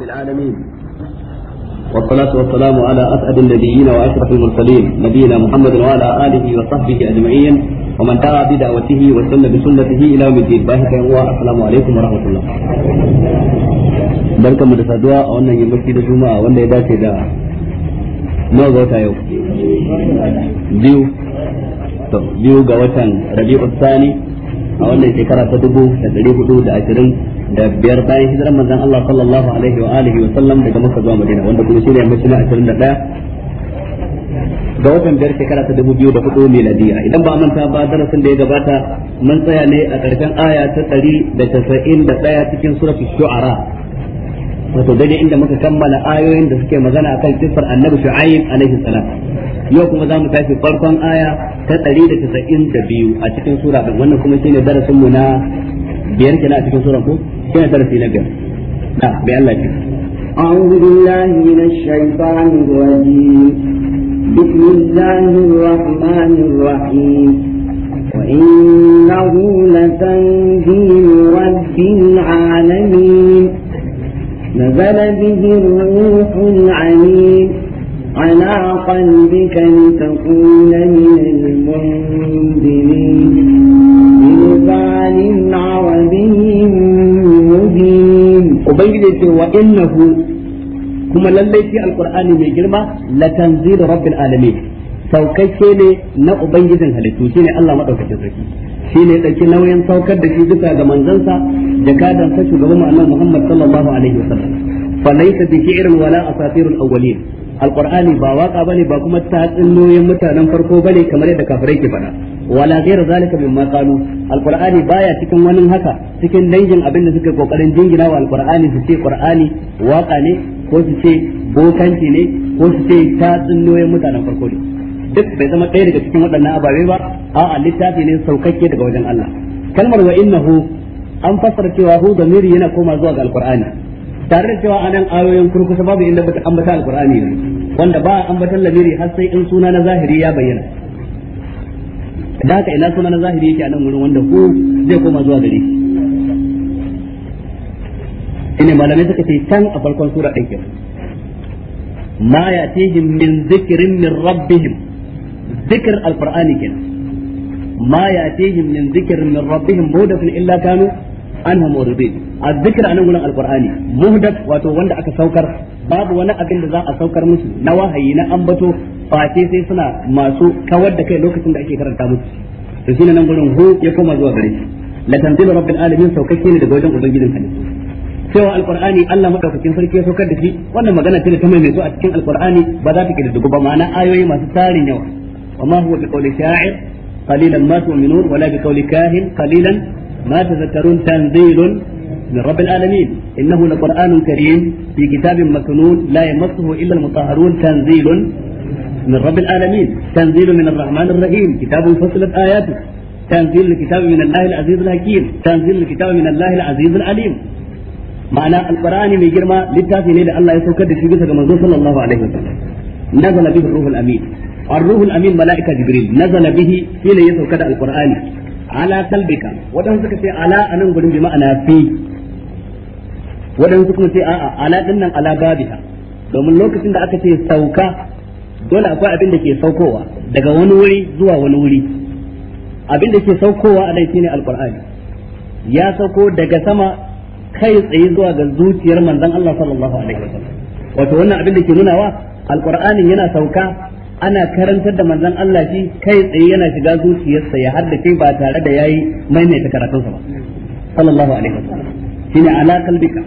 رب العالمين والصلاة والسلام على أسعد النبيين وأشرف المرسلين نبينا محمد وعلى آله وصحبه أجمعين ومن دعا بدعوته وسن بسنته إلى يوم الدين باهك السلام عليكم ورحمة الله barkan mu da saduwa a wannan yammaci da juma'a wanda ya dace da nawa ga wata yau biyu to biyu ga watan rabi'u tsani a wannan shekara ta dubu da ɗari hudu da ashirin da biyar bayan hijirar manzon Allah sallallahu alaihi wa alihi wa sallam daga Makka zuwa Madina wanda kuma shine yammacin ashirin da ɗaya ga watan biyar shekara ta dubu biyu da hudu miladiya idan ba manta ba darasin da ya gabata mun tsaya ne a ƙarshen aya ta ɗari da casa'in da ɗaya cikin suratul shu'ara wato daidai inda muka kammala ayoyin da suke magana akan kisar annabi shu'aib alaihi salam yau kuma za mu tafi farkon aya ta 192 a cikin sura ɗin wannan kuma shine darasin mu na biyar kenan a cikin sura ko shine darasi na biyar da bai Allah ki أعوذ بالله من الشيطان الرجيم بسم الله الرحمن الرحيم وإنه لتنزيل رب العالمين نزل به الروح العليم على قلبك لتكون من المنذرين بلسان عربي مبين وبين وإنه kuma lallai shi alkur'ani mai girma la tanzilu rabbil alamin saukakke ne na ubangijin halittu shine Allah madaukakin saki. shi ne ɗauki nauyin saukar da shi duka ga manzansa jakadan sa shugaban annabi Muhammad sallallahu alaihi wasallam fa laysa bi shi'rin wala asatirul awwalin alqur'ani ba waka bane ba kuma tatsinoyin mutanen farko bane kamar yadda kafirai ke faɗa wala ghayra zalika mimma qalu alqur'ani baya cikin wani haka cikin dangin abin da suka kokarin jingina wa alqur'ani su ce qur'ani waka ne ko su ce bokanci ne ko su ce tatsinoyin mutanen farko ne duk bai zama ɗaya daga cikin waɗannan ababe ba a'a littafi ne saukakke daga wajen Allah kalmar wa innahu an fassara cewa hu miri yana koma zuwa ga alqur'ani tare da cewa anan ayoyin kurkusa babu inda ta ambata alqur'ani ne wanda ba ambatan lamiri har sai in suna na zahiri ya bayyana da haka ina suna na zahiri yake anan wurin wanda hu zai koma zuwa gare shi shine malamai suka ce can a farkon sura ɗin kenan ma yatihim min zikrin min rabbihim ذكر القرآن كنا ما يأتيهم من ذكر من ربهم مهدف إلا كانوا عنها معرضين الذكر أنا أقول القرآن مهدف وتوان دعك سوكر باب وانا أبن na أسوكر مسو نواهي نأمبتو face sai suna masu kawar da kai lokacin da ake karanta musu to shine nan gurin hu ya koma zuwa gare shi la tanzilu rabbil alamin saukakke ne daga wajen ubangijin halittu cewa alqur'ani Allah madaukakin sarki ya saukar da shi wannan magana ce da ta mai a cikin alqur'ani ba za ta kididdigu ba ma'ana ayoyi masu tarin yawa وما هو بقول شاعر قليلا ما تؤمنون ولا بقول كاهن قليلا ما تذكرون تنزيل من رب العالمين إنه لقرآن كريم في كتاب مكنون لا يمسه إلا المطهرون تنزيل من رب العالمين تنزيل من الرحمن الرحيم كتاب فصلت آياته تنزيل الكتاب من الله العزيز الحكيم تنزيل الكتاب من الله العزيز العليم معنى القرآن من جرمى للتافي لله الله يسوكد في جسد صلى الله عليه وسلم nazala bihi ruhul amin ar-ruhul amin malaika jibril nazala bihi shine ya sauka da alqur'ani ala qalbika wadan suka ce ala anan gurin bi ma'ana fi wadan suka a'a ala dinnan ala babiha domin lokacin da aka ce sauka dole akwai abin da ke saukowa daga wani wuri zuwa wani wuri abin ke saukowa a nan shine alqur'ani ya sauko daga sama kai tsaye zuwa ga zuciyar manzon Allah sallallahu alaihi wannan ke nunawa alqur'anin yana sauka ana karantar da manzon Allah shi kai tsaye yana shiga zuciyarsa ya haddace ba tare da yayi maimaita karatunsa ba sallallahu alaihi wasallam shine ala kalbika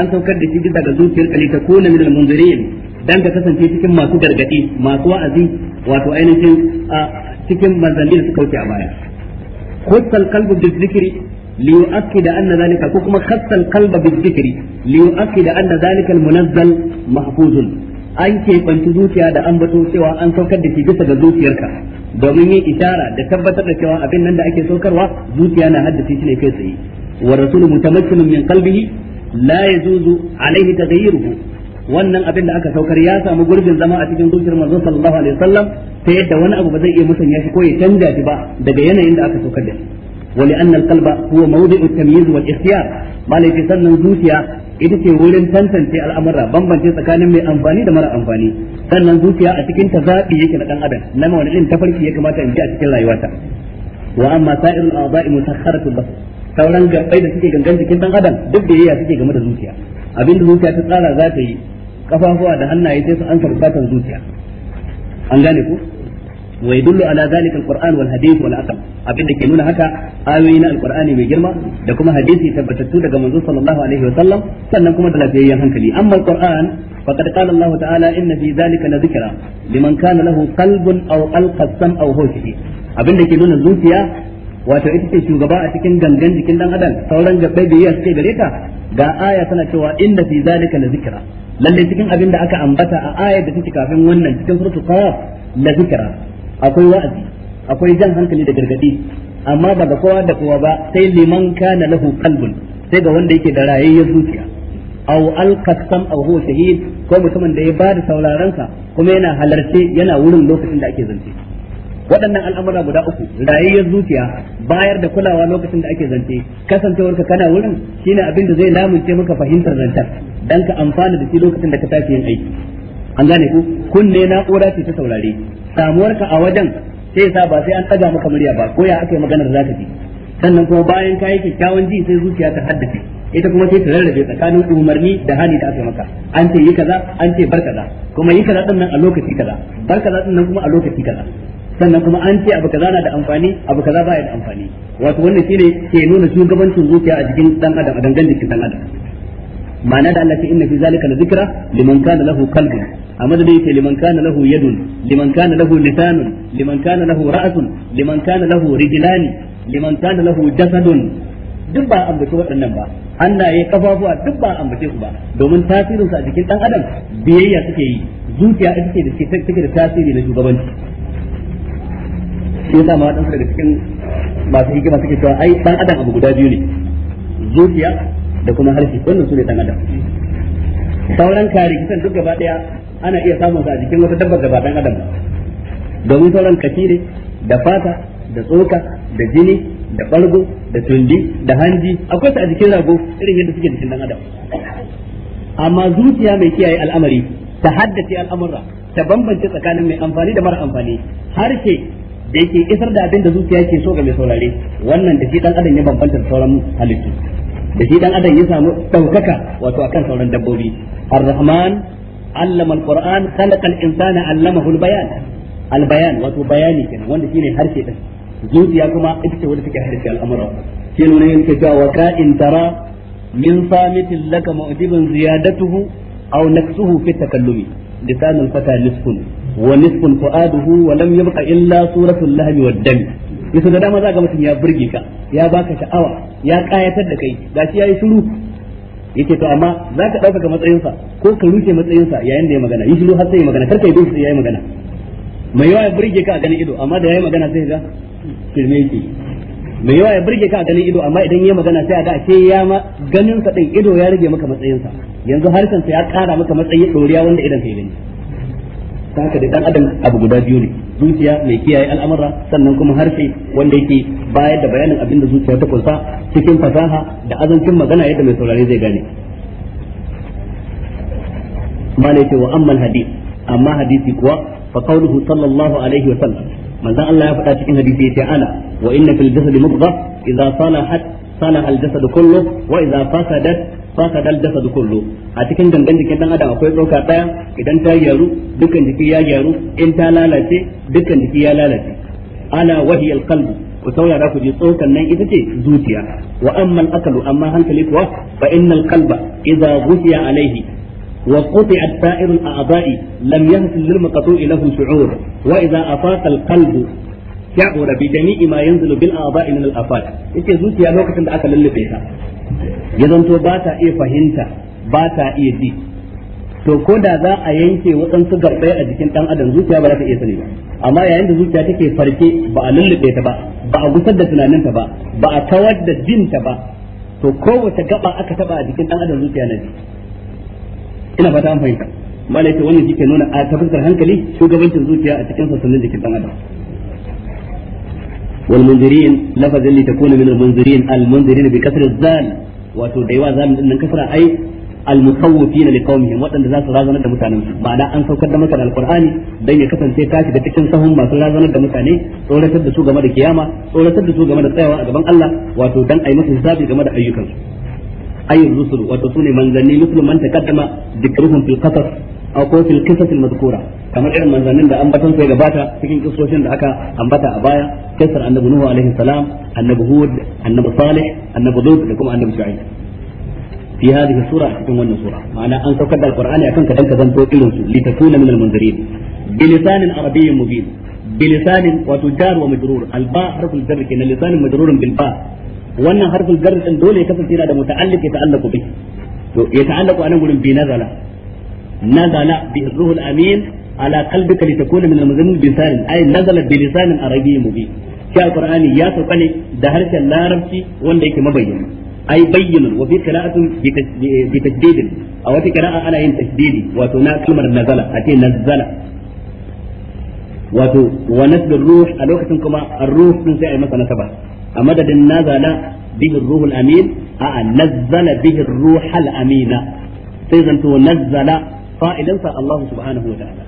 an saukar da shi daga zuciyar kali ta kuna min almunzirin dan ka kasance cikin masu gargadi masu wa'azi wato ainihin cikin manzanni da suka wuce a baya khussal qalbu bi dhikri li yu'akkid anna dhalika ko kuma khassal qalba bi dhikri li yu'akkid anna dhalika almunazzal mahfuzun an keɓanci zuciya da an bato cewa an saukar da shi bisa ga zuciyarka domin yin ishara da tabbatar da cewa abin nan da ake saukarwa zuciya na haddace shi ne kai tsaye wa rasulu mutamakkinun min qalbihi la yajuzu alaihi taghayyiruhu wannan abin da aka saukar ya samu gurbin zama a cikin zuciyar manzo sallallahu alaihi wasallam ta yadda wani abu ba zai iya musanya shi ko ya canja shi ba daga yanayin da aka saukar da shi Wani القلب هو موضع التمييز والاختيار ما ليس سنن zuciya. ita ce wurin tantance al'amura bambance tsakanin mai amfani da mara amfani sannan zuciya a cikin ta zaɓi yake na ɗan adam na wani irin tafarki ya kamata in ji a cikin rayuwata wa amma sa'irul a'dha'i mutakharatu bas sauran gabbai da suke gangan jikin ɗan adam duk da yaya suke game da zuciya abin da zuciya ta tsara za ta yi kafafuwa da hannaye sai su an karɓatan zuciya an gane ku wa yadullu ala zalika alquran wal hadith wal abin da ke nuna haka ayoyi na alqurani mai girma da kuma hadisi tabbatattu daga manzo sallallahu alaihi wa sallam sannan kuma da lafiyayyen hankali amma alquran faqad qala Allah ta'ala inna fi zalika la dhikra liman kana lahu qalbun aw alqa sam'a aw abin da ke nuna zuciya wata ita ce shugaba a cikin gangan jikin dan adam sauran gabbai da yiyar sai gare ta ga aya tana cewa inna fi zalika la zikra lalle cikin abin da aka ambata a ayar da take kafin wannan cikin suratul qaf akwai wa'azi akwai jan hankali da gargadi amma ba ga kowa da kowa ba sai liman kana lahu qalbun sai ga wanda yake da rayayyar zuciya aw alqasam aw huwa shahid ko mutumin da ya bada sauraron sa kuma yana halarce yana wurin lokacin da ake zance waɗannan al'amura guda uku rayayyar zuciya bayar da kulawa lokacin da ake zance kasancewar ka kana wurin shine abin da zai lamunce maka fahimtar zantar dan ka amfana da shi lokacin da ka tafi yin aiki an gane ku kunne na'ura ce ta saurare samuwarka a wajen sai sa ba sai an tsaga maka murya ba ko ya aka yi maganar za ka ji sannan kuma bayan yi kyakkyawan ji sai zuciya ta haddace ita kuma sai ta rarrabe tsakanin umarni da hali da aka maka an ce yi kaza an ce bar kaza kuma yi kaza dinnan a lokaci kaza bar kaza dinnan kuma a lokaci kaza sannan kuma an ce abu kaza na da amfani abu kaza baya da amfani wato wannan shine ke nuna shugabancin zuciya a jikin dan adam a dangan jikin dan adam ma'ana da Allah ta inna fi zalika la zikra liman kana lahu qalbun amma da yake liman kana lahu yadun liman kana lahu lisanun liman kana lahu ra'atun liman kana lahu rijlani liman kana lahu jasadun duk ba ambaci waɗannan ba kafafu a duk ba ambace su ba domin tasirin su a jikin dan adam biyayya suke yi zuciya ita ce da ke take da tasiri na shugabanci shi yasa ma wadansu daga cikin masu hikima suke cewa ai dan adam abu guda biyu ne zuciya da kuma harshe wannan su ne dan adam sauran kisan duk gaba daya ana iya samun sa a jikin wata dabbar gaba dan adam domin sauran kafire da fata da tsoka da jini da bargo da tundi da hanji akwai su a jikin rago irin yadda suke jikin dan adam amma zuciya mai kiyaye al'amari ta haddace al'amura ta bambance tsakanin mai amfani da mara amfani harshe da ke isar da abin da zuciya ke so ga mai saurare wannan da shi dan adam ya bambanta da sauran halittu da shi dan adam ya samu daukaka wato akan sauran dabbobi ar-rahman allama al-qur'an khalaqa al-insana allamahu al-bayan al-bayan wato bayani kenan wanda shine harshe din zuciya kuma ita ce wanda take harshe al'amura shi ne yake cewa wa ka in tara min samitin laka mu'jibun ziyadatuhu aw naksuhu fi takallumi lisanul fata nisfun wa nisfun fuaduhu wa lam yabqa illa suratul lahmi wad dami ya da dama za ga mutum ya burge ka ya baka sha'awa ya kayatar da kai gashi yayi shiru yake to amma za ka ɗaukaka matsayinsa ko ka rushe matsayinsa yayin da ya magana yi shiru har sai ya magana karka yi bin sai yayi magana mai yawa ya burge ka a ganin ido amma da yayi magana sai ga firme yake mai yawa ya burge ka a ganin ido amma idan ya magana sai a ga ashe ya ma ganin sa din ido ya rage maka matsayinsa yanzu harshen sa ya kara maka matsayi doriya wanda idan sai gani ta ka da dan adam abu guda biyu ne zuciya mai kiyaye al'amura sannan kuma harshe wanda yake bayar da bayanin abin da zuciya ta kunsa cikin fasaha da azancin magana yadda mai saurare zai gane ne ce wa amman hadis amma hadisi kuwa fa qawluhu sallallahu alaihi wa sallam manzon Allah ya faɗa cikin hadisi ya ce ana wa inna fil jasadi mudghah idza salahat salaha al jasad kullu wa idza fasadat fasadal jasad kullu a cikin gangan jikin dan adam akwai tsoka daya idan ta gyaru dukkan jiki ya gyaru in ta lalace dukkan jiki ya lalace ala wahiya alqalb ku saurara ku ji tsokan nan ita ce zuciya wa amma akalu amma hankali kuwa fa innal qalba idza ghusiya alaihi وقطعت سائر الأعضاء لم يحصل للمقطوع له شعور وإذا أفاق القلب شعر بجميع ما ينزل بالأعضاء من الآفات إذا زوجي لوكة عند أكل اللي ya zanto ba ta iya fahimta ba ta iya ji to ko da za a yanke waɗansu garɓai a jikin ɗan adam zuciya ba za ta iya sani ba amma yayin da zuciya take farke ba a lullube ta ba ba a gusar da tunaninta ba ba a kawar da jinta ba to kowace gaba aka taba a jikin ɗan adam zuciya na ji ina fata an fahimta malai wannan shi ke nuna a tafasar hankali shugabancin zuciya a cikin sassanin jikin ɗan adam والمنذرين لفظ اللي تكون من المنذرين المنذرين بكسر الزال wato da yawa zalim din nan kasara ai almusawwifin liqaumihim wadanda za su razanar da mutanen su ba an saukar da maka da alqur'ani dan ya kasance ka shiga cikin sahun masu razanar da mutane tsoratar da su game da kiyama tsoratar da su game da tsayawa a gaban Allah wato dan ai musu hisabi gama da ayyukan su ayyul sune manzanni musliman taqaddama dikruhum fil akwai filkisar mazkura kamar irin manzannin da ambatan su ya bata cikin kisoshin da aka ambata a baya kisar annabi nuhu alaihi salam annabi hud annabi salih annabi lut da kuma annabi shu'aib fi hadhihi sura cikin wannan sura ma'ana an saukar da alqur'ani akan ka danka zanto irin su li takuna min almunzirin bi lisanin arabiyyin mubin bi lisanin wa tujar wa majrur al ba harful jar kin lisanin majrurun bil ba wannan harful jar dole ya kasance yana da muta'alliq ya ta'allaqu bi to ya ta'allaqu anan gurin bi nazala نزل به الروح الأمين على قلبك لتكون من المزمين بلسان أي نزل بلسان عربي مبين شاء القرآن يا سبحانه دهرك لا ربشي وانديك مبين أي بين وفي قراءة بتشديد أو في قراءة على إن تشديد وتنا كلمة نزل أتي نزل wato wa nasbir ruh a lokacin kuma ar-ruh sun sai a masa nasaba a madadin nazala bihi ar-ruh al-amin a nazzala bihi ar-ruh al-amina sai zanto nazzala fa'idansa Allah subhanahu wa ta'ala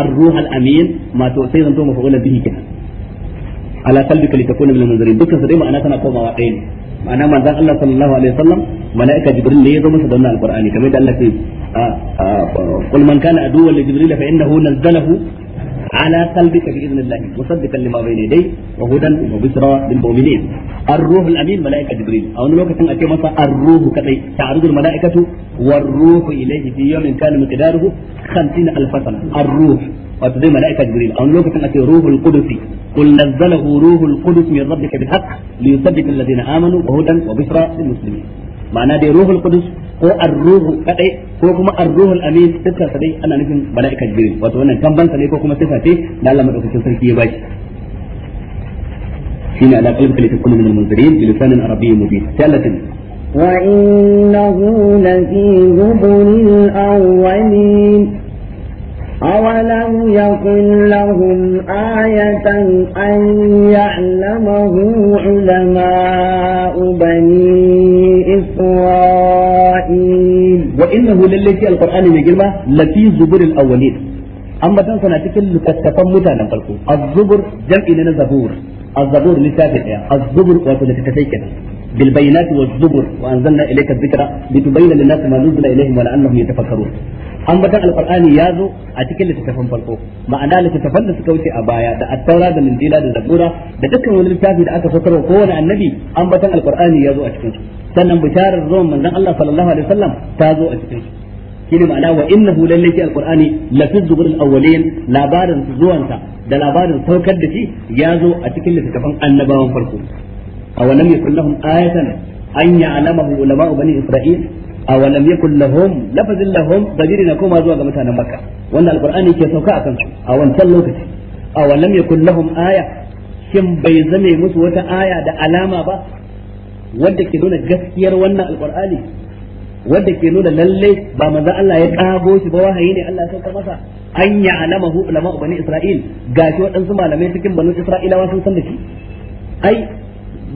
ar-ruh al-amin ma to sai zanto mafulan bihi kenan ala qalbika litakuna min al-munzirin dukkan sai ma'ana tana komawa ɗaya ne ma'ana manzon Allah sallallahu alaihi wasallam malaika jibril ne ya zama sa da wannan alqur'ani kama da Allah ya ce qul man kana aduwwan li على قلبك بإذن الله مصدقا لما بين يديه وهدى وبشرى للمؤمنين الروح الأمين ملائكة جبريل أو نلوك كان أكيما الروح كتي تعرض الملائكة والروح إليه في يوم كان مقداره خمسين ألف سنة الروح وتدي ملائكة جبريل أو نلوك كان أكي روح القدس قل نزله روح القدس من ربك بالحق ليصدق الذين آمنوا وهدى وبشرى للمسلمين ma'ana dai ruhul qudus ko ar-ruhu kadai ko kuma ar-ruhul amin dukkan sa dai ana nufin malaika jibril wato wannan tambansa ne ko kuma sifa ce da Allah madaukakin sarki ya baki shine ala qalbi litakun min al-munzirin bi lisanin arabiyyin mubin salatin وإنه لفي زبر awwalin أولم يكن لهم آية أن يعلمه علماء بنين إسرائيل وإنه للذي القرآن مجرمة لفي زبر الأولين أما تنسى نتكلم كتفا متانا فالكو الزبر جمع لنا زبور الزبور لسافة الزبر وتلتكتي كده بالبينات والزبر وأنزلنا إليك الذكرى لتبين للناس ما نزل إليهم ولعلهم يتفكرون an batan alqur'ani ya zo a cikin littafin farko ma'ana littafin da suka wuce a baya da attaura da linjila da zabura da dukkan wani littafi da aka sakarwa kowane annabi an batan alqur'ani ya zo a cikin su sannan bisharar zuwan manzon Allah sallallahu alaihi wasallam ta zo a cikin su shine ma'ana wa innahu lalle fi alqur'ani la fi zuburil awwalin labarin zuwanta da labarin saukar da shi ya zo a cikin littattafan annabawan farko aw lam yakul lahum ayatan an ya'lamahu ulama'u bani isra'il aw lam yakul lahum lafazin lahum dalilina koma zuwa ga mutanen makka wannan alqur'ani ke sauka akan su a wancan lokaci aw lam yakul lahum aya shin bai zame musu wata aya da alama ba wadda ke nuna gaskiyar wannan alqur'ani wanda ke nuna lalle ba manzon Allah ya kago shi ba wahayi ne Allah ya sauka masa an ya alamahu ulama bani Isra'il gashi waɗansu malamai cikin banu Isra'ilawa sun san da shi ai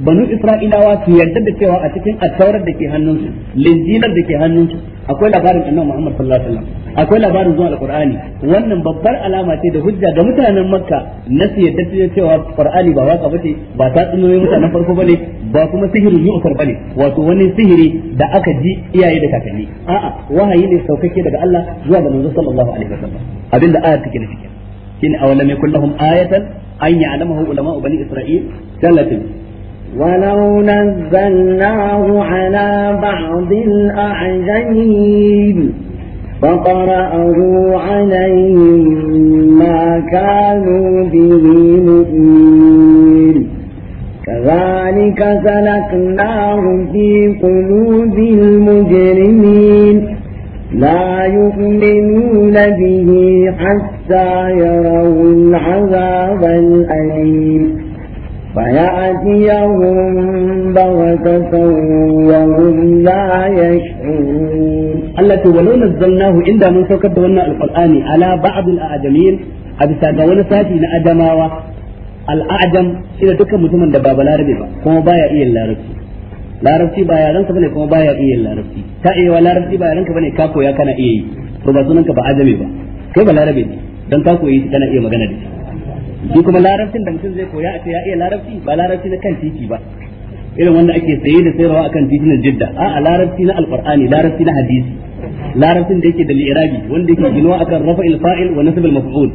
banu isra'ilawa su yarda da cewa a cikin attaurar da ke hannunsu linjinar da ke hannunsu akwai labarin annabi Muhammad sallallahu alaihi wasallam akwai labarin zuwa alqur'ani wannan babbar alama ce da hujja ga mutanen makka na su yarda da cewa qur'ani ba waka bace ba ta tsinoyi mutanen farko bane ba kuma sihirin yu'kar bane wato wani sihiri da aka ji iyaye da kakanni a'a wahayi ne saukake daga Allah zuwa ga manzo sallallahu alaihi wasallam abinda ayar take nufi kin awalam yakul ayatan an ya'lamahu ulama'u bani isra'il sallatin ولو نزلناه على بعض الأعجمين فقرأه عليهم ما كانوا به مؤمنين كذلك سلكناه في قلوب المجرمين لا يؤمنون به حتى يروا العذاب الأليم فيأتيهم بغتة وهم لا يشعرون التي ولو نزلناه عند من سوكت ونا القرآن على بعض الأعجمين أبي سادة ونساتي نأدماوة الأعجم إذا دكا متمن دباب لا كما بايا إيه اللاربسي larabci ba yaran ka bane kuma baya iya larabci ta iya larabci ba yaran ka bane ka koya iya yi to ba sunan ka ba ajami ba ka koyi iya magana da shi kuma larabcin da mutum zai koya a ce ya iya larabci ba larabci na kan titi ba irin wanda ake saye da sayarwa akan titi na jidda a a larabci na alqur'ani larabci na hadisi larabcin da yake da li'irabi wanda yake ginuwa akan rafa'il fa'il wa nasbul maf'ul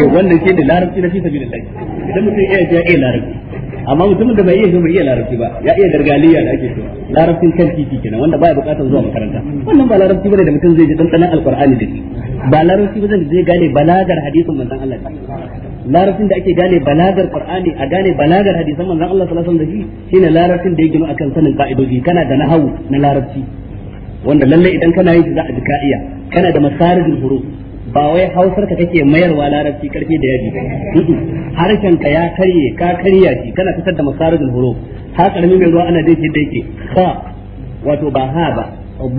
eh wanda yake da larabci na fi sabilillah idan mutum ya iya iya larabci amma mutumin da bai iya shi bai iya larabci ba ya iya gargaliya da ake so larabcin kan titi kenan wanda baya bukatar zuwa makaranta wannan ba larabci bane da mutum zai ji dandanan alqur'ani da shi ba larabci bane da zai gane balagar hadisin manzon Allah larabcin da ake gane balagar qur'ani a gane balagar hadisan manzo Allah sallallahu alaihi wasallam da shi shine larabcin da ya gina akan sanin ka'idoji kana da nahawu na larabci wanda lalle idan kana yi za a ji ka'iya kana da masarijin huruf ba wai hausar ka take mayarwa larabci karfi da yaji harshen ka ya karye ka karya shi kana fitar da masarijin huruf ha karami mai ruwa ana jin shi da yake ba wato ba ha ba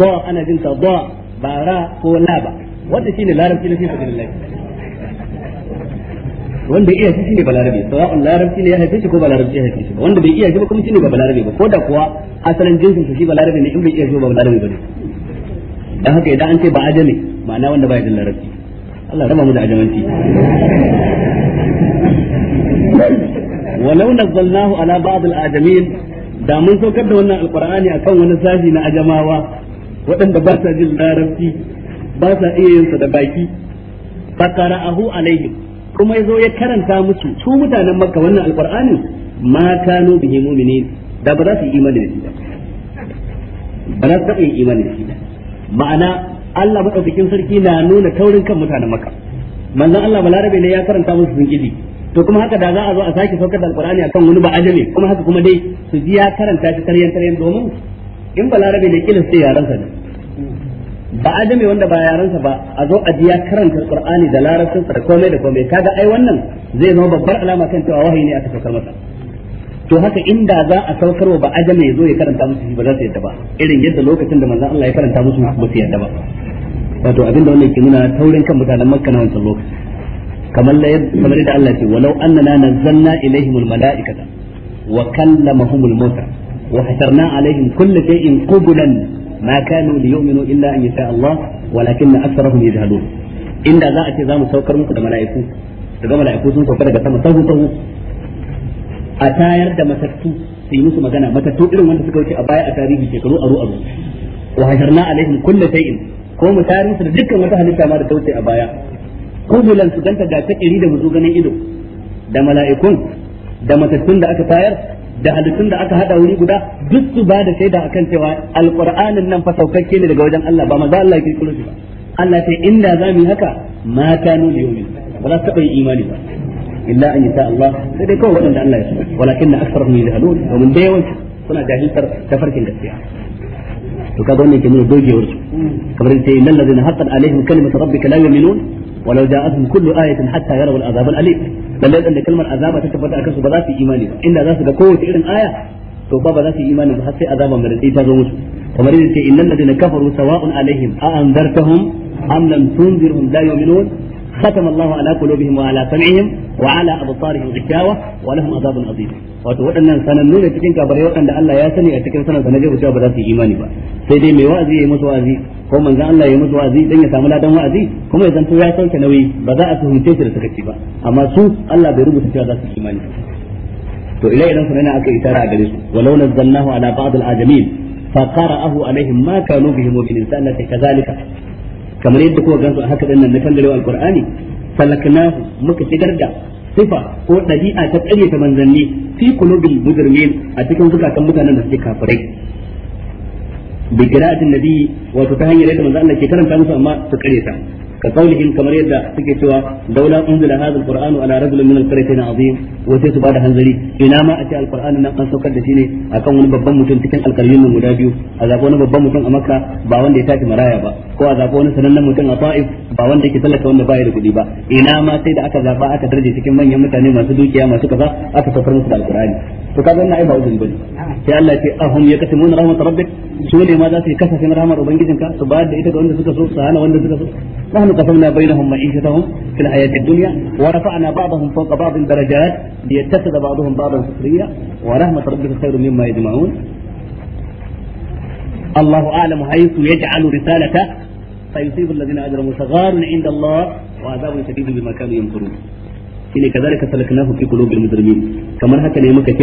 ba ana jin ta ba ba ra ko la ba wanda shine larabci na fi fadilai wanda iya shi ne balarabe Sawa sawa'un larabci ne ya haife shi ko balarabci ya haife shi ba wanda bai iya shi ba kuma shi ne ba balarabe ba ko da kuwa asalin jinsin shi balarabe ne in bai iya shi ba balarabe ba ne dan haka idan an ce ba ajami ma'ana wanda ba ya da larabci Allah raba mu da ajamanci walau nazzalnahu ala ba'd al-ajamin da mun saukar da wannan alqur'ani akan wani sashi na ajamawa waɗanda ba sa jin larabci ba sa iya yin sa da baki fakara'ahu alaihim kuma yazo ya karanta musu su mutanen makka wannan Alƙur'ani ma kanu bihi mumini da ba za su yi imani da shi ba ba za su yi imani da shi ba ma'ana Allah madaukakin sarki na nuna taurin kan mutanen makka manzon Allah balarabe ne ya karanta musu sun kiji to kuma haka da za a zo a sake saukar da alqur'ani akan wani ba ajami kuma haka kuma dai su ji ya karanta shi tarayyan tarayyan domin in balarabe ne kilin sai yaran sa ne ba ajami wanda ba yaransa ba a zo a jiya karanta qur'ani da larabcin sa da komai da komai kaga ai wannan zai zama babbar alama kan cewa wahayi ne aka saukar masa to haka inda za a saukarwa ba ajami ya zo ya karanta musu ba za su yadda ba irin yadda lokacin da manzon Allah ya karanta musu ba su yadda ba wato abinda wannan ke nuna taurin kan mutanen makka na wancan lokaci kamar la kamar da Allah ce walau annana nazzalna ilaihimul malaikata wa kallamahumul mauta wa hasarna alaihim kullu shay'in qublan ma kanu liyu'minu illa an yasha Allah walakinna aktharuhum yajhalun inda za a ce za mu saukar muku da mala'iku daga mala'iku sun sauka daga sama sahu sahu a tayar da matattu su yi musu magana matattu irin wanda suka wuce a baya a tarihi shekaru aru aru wa hasharna alaihim kulli shay'in ko mu tayar musu da dukkan wata halitta ma da ta wuce a baya ko su ganta ga ta iri da mu ganin ido da mala'ikun da matattun da aka tayar da halittun da aka hada wuri guda duk su ba da shaida akan cewa alqur'anin nan fa saukakke ne daga wajen Allah ba manzo Allah ya kirkiro shi ba Allah sai inda za mu yi haka ma kanu liyumin ba za su taba imani ba illa an ta Allah sai dai kawai wadanda Allah ya so walakin aktharuhum yajhalun wa min dayawin suna jahiltar tafarkin gaskiya to kaga wannan ke nuna dogewar su kamar sai innal ladzina haqqan alaihim kalimatu rabbika la yu'minun ولو جاءتهم كل آية حتى يروا العذاب الأليم lalle dan da kalmar azaba ta tabbata akan su ba za su yi imani ba inda za su ga kowace irin aya to ba ba za su yi imani ba har sai azaba mai rantsi ta zo musu kamar yadda ce innal ladina kafaru sawa'un alaihim a anzartahum am lam tunzirhum la yu'minun ختم الله على قلوبهم وعلى سمعهم وعلى أبصارهم غشاوة ولهم عذاب عظيم wato waɗannan sanannu ne cikin kabarai waɗanda Allah ya sani a cikin sanar sanaje cewa ba za su yi imani ba sai dai mai wa'azi ya yi musu wa'azi ko manzon Allah ya yi musu wa'azi dan ya samu ladan wa'azi kuma ya zanto ya sauke nauyi ba za a tuhunce shi da sakaci ba amma su Allah bai rubuta cewa za su yi imani to ila idan sunana aka itara a gare su walau nazzalnahu ala ba'd al-ajamin فقرأه عليهم ما كانوا به مؤمنين سألنا kazalika. kamar yadda kuka gansu a haka din nan na kangarewa alkur'ani salaknahu muka shigar da sifa ko dabi'a ta ta manzanni fi qulubil mujrimin a cikin zukatan mutanen da suke kafirai bi qira'atin nabi wato ta hanyar yadda manzo Allah ke karanta musu amma su ta. كقولهم كما يدعى سكتوا لولا أنزل هذا القرآن على رجل من القريتين عظيم وسيس بعد هنزلي إلى ما أتى القرآن أن قد سكت دشيني أكون ببان متن تكن القريين من مدابيو أذابون ببان متن أمكا باوان دي تاك مرايا با كو أذابون سنن متن أطائف باوان دي كتلك وان باير كدي با إلى ما سيد أكا زابا أكا درجي تكن من يمتاني ما سدوكيا ما سكفا أكا سفر مصد القرآن فكذا أنا أيضا أذن بني sai Allah ce ahum yakasimun rahmat rabbik su ne ma za su yi kasafin rahmar ubangijinka su bayar da ita ga wanda suka so su hana wanda suka so نحن قسمنا بينهم معيشتهم في الحياة الدنيا ورفعنا بعضهم فوق بعض الدرجات ليتخذ بعضهم بعضا سخريا ورحمة ربك خير مما يجمعون الله أعلم حيث يجعل رسالته فيصيب الذين أجرموا صغار عند الله وعذاب شديد بما كانوا ينكرون إن كذلك سلكناه في قلوب المجرمين كما haka ne muka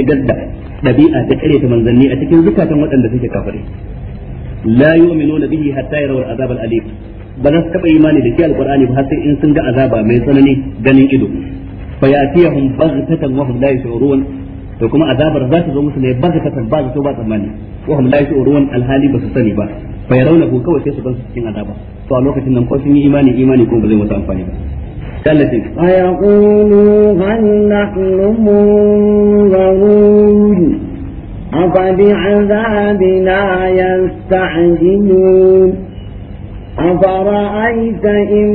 نبيعة تكريت من ذنية تكريت ta manzanni a cikin zukatan waɗanda suke kafare la yu'minuna bihi الأليم ba za su taba imani da ke alqur'ani ba har sai in sun ga azaba mai tsanani ganin ido fa yatiyahum baghtatan wa hum la yash'urun to kuma azabar za ta zo musu ne baghtatan ba zato ba tsammani wa hum la yash'urun alhali ba su sani ba fa yarawna ko kawai sai su gansu cikin azaba to a lokacin nan ko sun yi imani imani ko ba zai musu amfani ba فيقولوا هل نحن منظرون أفبعذابنا يستعجلون أفرأيت إن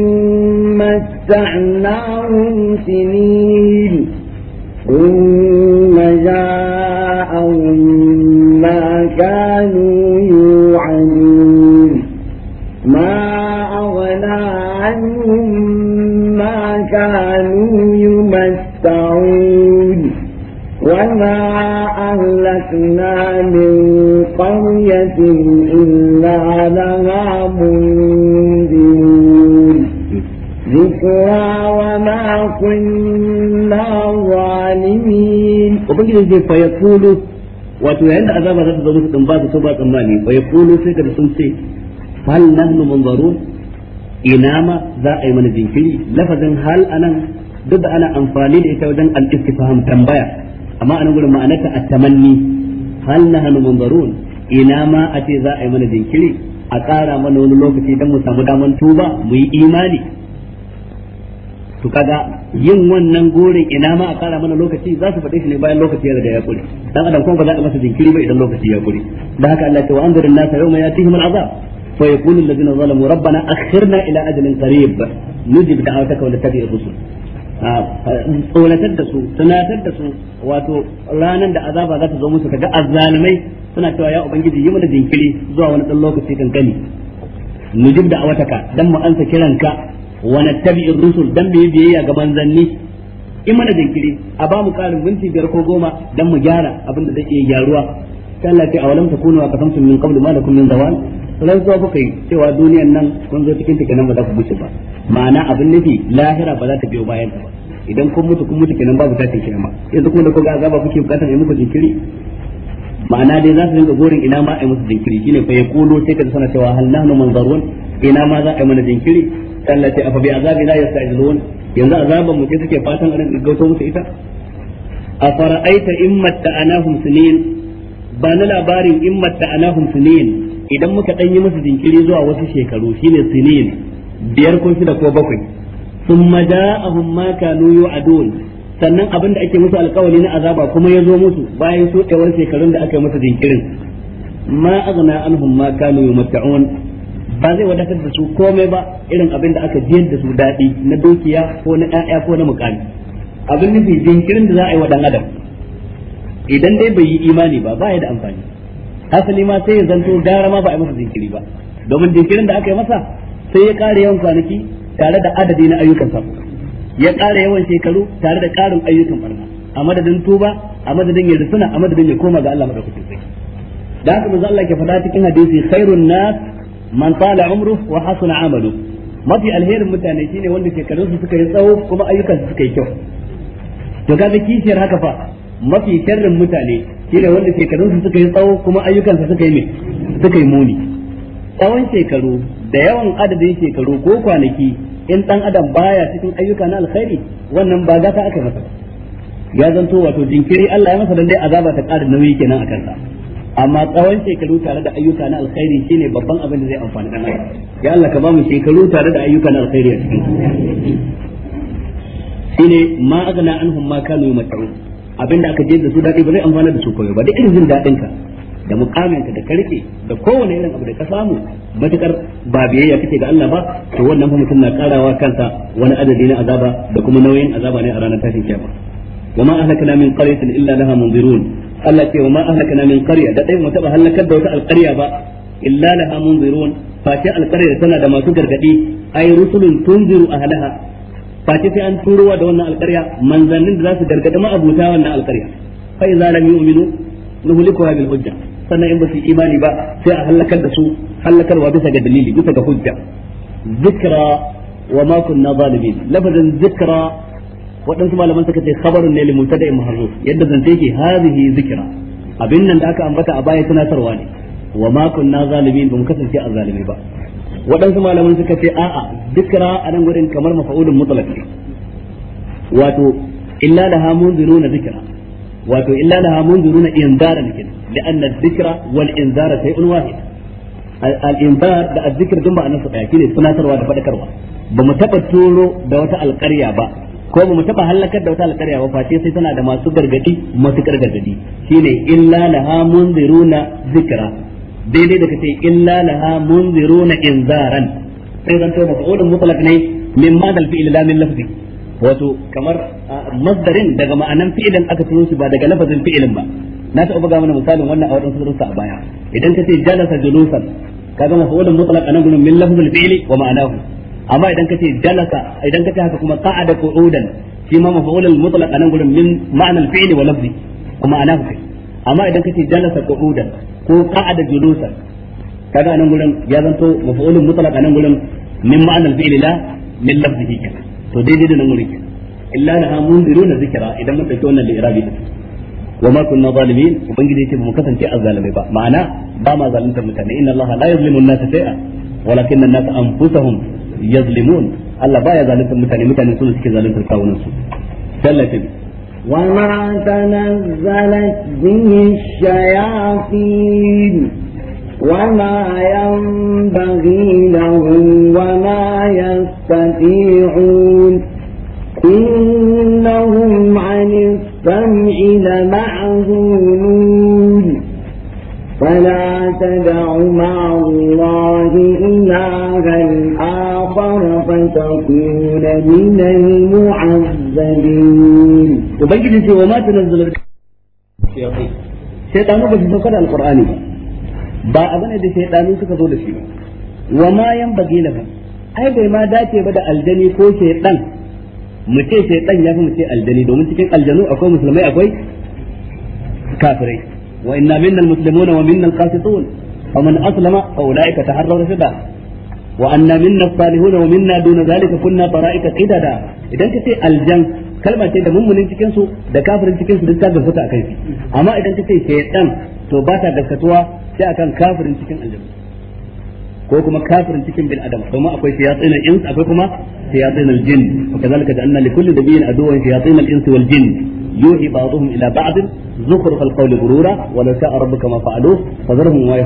متعناهم سنين ثم جاءهم ذكرى وما كنا ظالمين وبنجي زي فيقول wato yayin da azaba za ta zo musu din ba su so ba tsammani fa yaqulu sai da sun ce fal nahnu munzarun ina ma za a yi mana jinkiri lafazin hal anan duk da ana amfani da ita wajen al-istifham tambaya amma anan gurin ma'anarta at-tamanni hal nahnu munzarun ina ma a ce za a yi mana jinkiri a ƙara mana wani lokaci don mu samu daman tuba mu yi imani to kaga yin wannan gorin ina ma a kara mana lokaci za su faɗe shi ne bayan lokaci ya riga ya kure dan adam kuma ba za ka masa jinkiri ba idan lokaci ya kure da haka Allah ta wa anzirin nasa yawma yatihim al'azab fa yaqulu alladhina zalamu rabbana akhirna ila ajalin qarib nujib da'awataka wa natabi'ur rusul tsoratar da su tunatar da su wato ranar da azaba za ta zo musu kaga azzalimai suna cewa ya ubangiji yi mana jinkiri zuwa wani dan lokaci kankani nujib da awataka dan mu ansa kiranka wa nattabi'ir rusul dan mu biyayya ga manzanni in mana jinkiri a ba mu karin minti biyar ko goma dan mu gyara abin da zai gyaruwa kan lafi a ce awalam takunu wa sun min da ma lakum min zawal zuwa kuka yi cewa duniyan nan kun zo cikin take nan ba za ku wuce ba ma'ana abin nufi lahira ba za ta biyo bayan ta ba idan kun mutu kun mutu kenan babu tashin kiyama yanzu kuma da kuga azaba kuke bukatar yi muku jinkiri ma'ana dai za su dinga gorin ina ma yi musu jinkiri shine fa yaqulu sai ka sana cewa hal nahnu manzarun ina ma za a yi mana jinkiri Allah ce afa bi azabi la yasta'jilun yanzu azaban mu suke fatan an gauto musu ita afara'aita in matta'anahum sinin ba na labarin in ta'anahum sunin idan muka danyi musu jinkiri zuwa wasu shekaru shine sinin biyar ko shida ko bakwai thumma ja'ahum ma kanu yu'adun sannan abin da ake musu alkawari na azaba kuma ya zo musu bayan shuɗewar shekarun da aka yi musu jinkirin ma azna anhum ma kanu yumatta'un ba zai wadatar da su komai ba irin abin da aka jiyar da su daɗi na dukiya ko na ɗaya ko na mukami abin nufi jinkirin da za a yi wa ɗan adam idan dai bai yi imani ba ba ya da amfani asali ma sai ya zanto gara ma ba a yi masa jinkiri ba domin jinkirin da aka yi masa sai ya ƙara yawan kwanaki tare da adadi na ayyukan sa ya ƙara yawan shekaru tare da ƙarin ayyukan barna a madadin tuba a madadin ya suna a madadin ya koma ga Allah madaukakin sai da haka manzo Allah ke faɗa cikin hadisi khairun nas man tala umru wa hasuna amalu mafi alherin mutane shine wanda shekarun su suka yi tsawo kuma ayyukan su suka yi kyau to kaga kishiyar haka fa mafi sharrin mutane shine wanda shekarun su suka yi tsawo kuma ayyukan su suka yi mai suka yi muni tsawon shekaru da yawan adadin shekaru ko kwanaki in dan adam baya cikin ayyuka na alkhairi wannan ba gata aka masa ya zanto wato jinkiri Allah ya masa dan dai azaba ta ƙara nauyi kenan a kansa amma tsawon shekaru tare da ayyuka na alkhairi shine babban abin da zai amfani da adam ya Allah ka ba mu shekaru tare da ayyuka na alkhairi a cikin shine ma azna anhum ma kanu yumatun abinda aka je da su dadi ba zai amfana da su koyo ba duk irin jin dadin ka da mukamin ka da karfe da kowane irin abu da ka samu matukar ba biyayya kake ga Allah ba to wannan mutum na karawa kansa wani adadi na azaba da kuma nauyin azaba ne a ranar tashin kiyama وما أهلكنا من قرية إلا لها منذرون Allah ce wa ma ahlakana min qarya da dai mu taba halakar da wata alqarya ba illa laha munzirun fa ta alqarya tana da masu gargadi ay rusulun tunziru ahlaha fa ta sai an turowa da wannan alqarya manzannin da za su gargada ma abuta wannan alqarya fa idza lam yu'minu hujja sannan in ba su imani ba sai a halakar da su halakarwa bisa ga dalili bisa ga hujja zikra wa ma kunna zalimin lafazin zikra waɗansu malaman suka ce khabarun ne limuntada mahruf yadda zance yake hazihi zikira abin nan da aka ambata a baya tunatarwa ne wa ma kunna zalimin bamu kasance a zalimi ba waɗansu malaman suka ce a'a zikira a nan gurin kamar mafa'ulun mutlaq ne wato illa laha munziruna zikira wato illa laha munziruna inzara zikira لأن الذكر والإنذار شيء واحد الإنذار da الذكر دم أنا سبعة كده سنة روا da faɗakarwa ba mu taɓa turo da wata alƙarya ba ko ba mu taba halakar da wata alƙarya ba face sai tana da masu gargadi masu gargadi shine illa laha munziruna zikra daidai da kace illa laha munziruna inzaran sai zan to mafa'ulun mutlaq ne min ma dal fi'il la min lafzi wato kamar masdarin daga ma'anan fi'ilin aka tuno shi ba daga lafazin fi'ilin ba na taɓa buga mana misalin wannan a wadansu darussa a baya idan kace jalasa julusan kaga mafa'ulun mutlaq anan gurin min lafzil fi'ili wa ma'anahu amma idan kace dalaka idan kace haka kuma qa'ada qu'udan shi ma maf'ulul mutlaq anan gurin min ma'anal fi'li wa lafzi kuma ana kai amma idan kace jalasa qu'udan ko qa'ada julusa kaga anan gurin ya zanto maf'ulul mutlaq anan gurin min ma'anal fi'li la min lafzihi to daidai da nan gurin illa laha mundiruna zikra idan mun dauki wannan li'irabi zalimin ubangiji yake mu kasance azzalimi ba ma'ana ba ma zalunta mutane inna allaha la yuzlimu an-nasa shay'an walakinna an-nasa anfusahum yazlimun Allah baya zalunta mutane mutane su suke zalunta kawunan su tallafi fi ma tanazzalat bihi shayatin wa ma yanbaghi lahum wa ma yastati'un إنهم عن السمع لمعذولون فلا تدع مع يكون من المعذبين وبنجد شيء وما تنزل الشياطين شيطانو بس سوكر القرآن با أبنى دي شيطانو سكتو لشيء وما ينبغي لهم ai bai ma dace ba da aljani ko shaitan mu ce shaitan ya fi mu ce aljani domin cikin aljanu akwai musulmai akwai kafirai wa inna minnal muslimuna wa minnal qasitun faman aslama wa anna minna salihuna wa minna duna zalika kunna tara'ika qidada idan ka ce aljan kalma ce da mummunin cikin su da kafirin cikin su duk ta gaskata akan shi amma idan ka ce shaytan to ba ta gaskatuwa sai akan kafirin cikin aljan ko kuma kafirin cikin bil kuma akwai shayatin al ins akwai kuma shayatin al jin wa kadhalika ja'alna li kulli nabiyyin aduwwan shayatin al ins wal jin yuhi ila ba'd zukhruf al qawli ghurura wa law sha'a rabbuka ma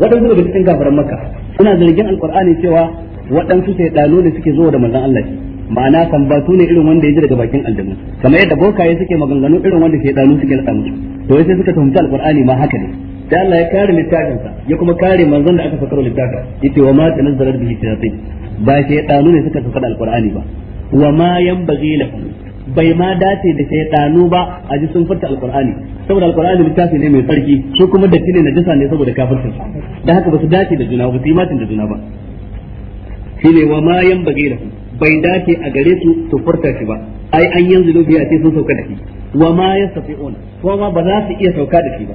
waɗansu daga cikin kafiran makka suna zargin alqur'ani cewa waɗansu shaydanu ne suke zuwa da manzon Allah ma'ana su ne irin wanda ya ji daga bakin aljanna kamar yadda bokaye suke maganganu irin wanda shaydanu suke da musu to sai suka tumta alqur'ani ma haka ne Da Allah ya kare littafin sa ya kuma kare manzon da aka sakar littafin yace wa ma tanazzalat bihi shayatin ba sai shaydanu ne suka sakar alqur'ani ba wa ma yanbaghi lahum bai ma dace da dano ba a ji sun furta alqur'ani saboda alqur'ani littafi ne mai sarki su kuma da ne najasa ne saboda kafircin dan haka ba su dace da juna ba su yi matin da juna ba shine wa ma yanbaghi da bai dace a gare su su furta shi ba ai an yanzu lobi a ce sun sauka da shi wa ma yasfi'un ko ma ba za su iya sauka da shi ba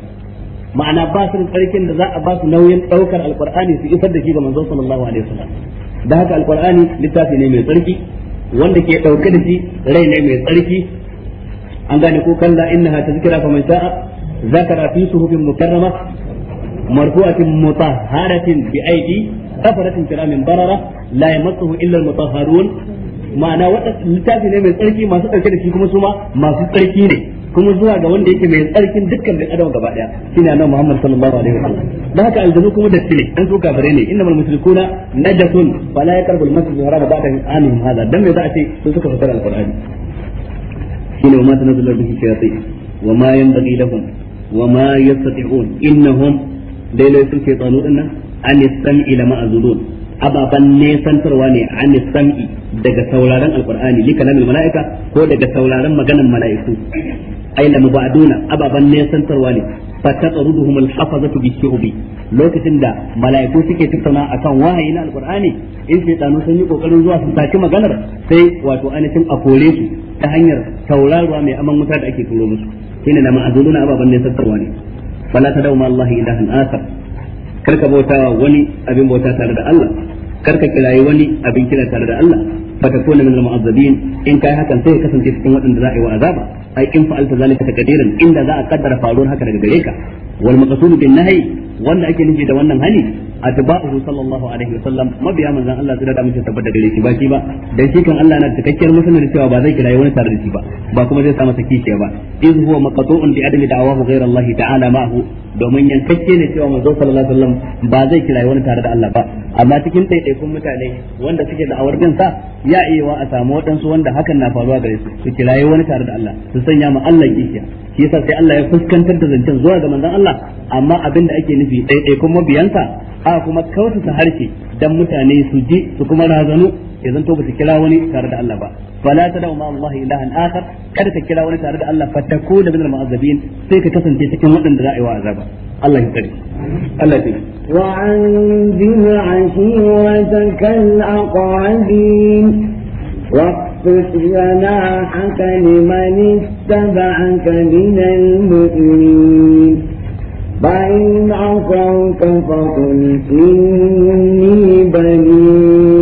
ma'ana ba su tsarkin da za a ba su nauyin daukar alqur'ani su isar da shi ga manzon sallallahu alaihi wasallam da haka alqur'ani littafi ne mai tsarki wanda ke dauke da shi rai ne mai tsarki an gane ko kalla innaha tazkira faman sha'a zakara fi suhufin mukarrama marfu'atin mutahharatin bi aidi safaratin kiramin barara la yamassuhu illa al ma'ana wata littafi ne mai tsarki masu dauke da shi kuma su ma masu tsarki ne kuma zuwa ga wanda yake mai tsarkin dukkan bin adam gaba daya shine annabi Muhammad sallallahu alaihi wasallam dan haka aljanu kuma da tile dan su kafare ne innamal mushrikuna najasun fala yaqrabu al-masjid al-haram ba'da amihim hada dan me za a ce su suka fasara al-qur'ani shine wa ma tanazzalu bihi shayatin wa ma yanbaghi lahum wa ma yastati'un innahum dai lai suke tsano dinnan an yastami ila ma'azulun ababan nesantarwa ne an sam'i daga sauraron alkur'ani li kalamil mala'ika ko daga sauraron maganan mala'iku ay la mubaduna ababan nesantarwa ne bi ke بالشعب lokacin da mala'iku suke tattauna akan wahayi na alkur'ani in shaytanu sun yi kokarin zuwa su saki maganar sai wato ainihin a kore su ta hanyar taurarwa mai aman wuta da ake turo musu shine na ma'azuluna ababan nesantarwa ne fala tadau ma ilahan asar karka bauta wani abin bauta tare da Allah karka kirayi wani abin kira tare da Allah fatakuna min al-mu'azzabin in kai hakan sai ka kasance cikin waɗanda za a yi wa azaba ai in fa'alta zalika takdiran inda za a kaddara faruwar haka daga gare ka wal maqsud bin nahyi wanda ake nufi da wannan hani atba'uhu sallallahu alaihi wa sallam mabiya manzon Allah sai da mutum tabbata gare shi ba shi ba dan shi kan Allah na cikakkiyar musulmi da cewa ba zai kira wani tare da shi ba ba kuma zai sa saki shi ba iz huwa maqtu'un bi adami da'awahu ghayra Allah ta'ala ma'ahu domin yankakke ne cewa manzon sallallahu alaihi wa sallam ba zai kira wani tare da Allah ba amma cikin ɗaiɗaikun mutane wanda suke da'awar bin sa ya iya a samu waɗansu wanda hakan na faruwa gare su su kiraye wani tare da Allah su sanya ma Allah ikiya shi yasa sai Allah ya fuskantar da zancen zuwa ga manzon Allah amma abin da ake nufi kuma sa? a kuma kautata harshe dan mutane su ji su kuma razanu ya zanto ba su kira wani tare da Allah ba fala tad'u ma Allah ilahan akhar kada ka kira wani tare da Allah fa takuna da al-mu'azzabin sai ka kasance cikin waɗanda za a yi azaba Allah ya tsare Allah ya عشيرتك الأقربين واخفض جناحك لمن اتبعك من المؤمنين فإن عصوك فقل إني بني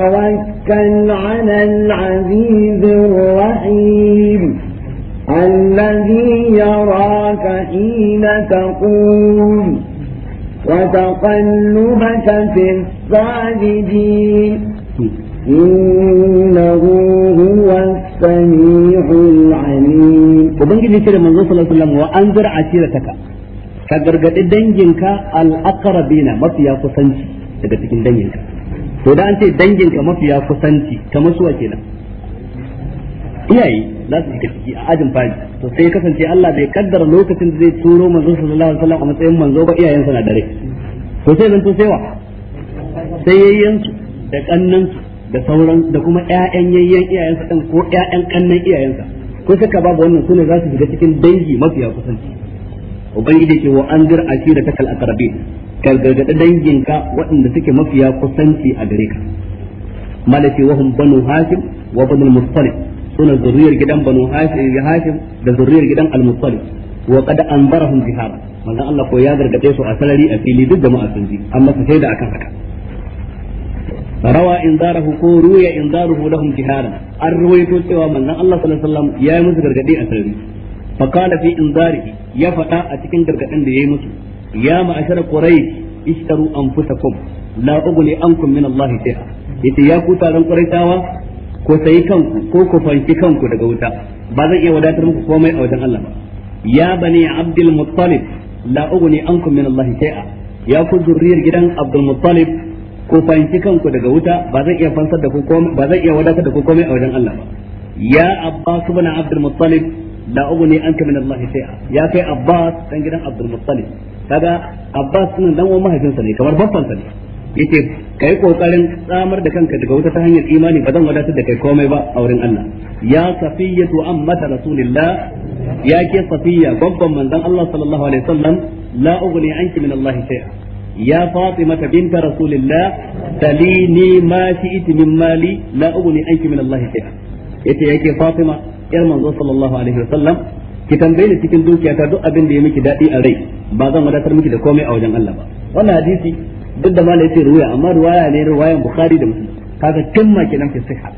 وتوكل على العزيز الرحيم الذي يراك حين تقوم وتقلبك في الصالحين إنه هو السميع العليم وبنجي كده من صلى الله عليه وسلم وأنذر عشيرتك ka gargaɗi danginka al'akarabina mafiya kusanci daga cikin danginka to da an ce danginka mafiya kusanci kamar suwa kenan iyaye za su shiga ciki a ajin fari to sai kasance Allah bai kaddara lokacin da zai turo manzo sallallahu alaihi wasallam a matsayin manzo ba iyayen sa na dare to sai zan to sai wa sai yayyen su da kannan su da sauran da kuma ƴaƴan yayyen iyayen sa ko ƴaƴan kannan iyayen sa ko saka babu wannan sune za su shiga cikin dangi mafiya kusanci ubangiji ke wa anzir akira takal aqrabin ka gargaɗi danginka waɗanda suke mafiya kusanci a gare ka malaki wahum banu hashim wa banu muttalib suna zurriyar gidan banu hashim da zurriyar gidan al-muttalib wa qad anbarahum bihar manzon Allah ko ya gargaɗe su a sarari a fili duk jama'a sun ji amma su shaida akan haka rawa in zarahu ko ruya in zaruhu lahum jiharan an ruwaito cewa manzon Allah sallallahu alaihi wasallam ya yi musu gargadi a sarari fa qala fi inzarihi ya faɗa a cikin gargadin da ya yi musu ya ma'ashara quraish ishtaru anfusakum la ughni ankum min Allah shay'a Ita ya ku taron quraishawa ko sayi kanku ko ku fanki kanku daga wuta ba zan iya wadatar muku komai a wajen Allah ba ya bani abdul muttalib la ughni ankum min Allah shay'a ya ku zurriyar gidan abdul muttalib ku fanki kanku daga wuta ba zan iya fansar da ku komai ba zan iya wadatar da ku komai a wajen Allah ba ya abbas ibn abdul muttalib la ughni anka min Allah shay'a ya kai abbas dan gidan abdul muttalib kaga Abbas din dan uwan mahaifinsa ne kamar babbansa ne yace kai kokarin tsamar da kanka daga wuta ta hanyar imani ba zan wadatar da kai komai ba a wurin Allah ya safiyatu ammata rasulillah ya ke safiya babban manzon Allah sallallahu alaihi wasallam la ughni anki min Allah shay'a ya fatimata binta rasulillah talini ma shi'ti min mali la ughni anki min Allah shay'a yace yake fatima yar manzo sallallahu alaihi wasallam ki tambaye ni cikin dukiyata duk abin da ya miki dadi a rai ba zan wadatar miki da komai a wajen Allah ba wannan hadisi duk da malai yace ruwaya amma ruwaya ne ruwayan bukhari da muslim kaga timma kenan fi sihha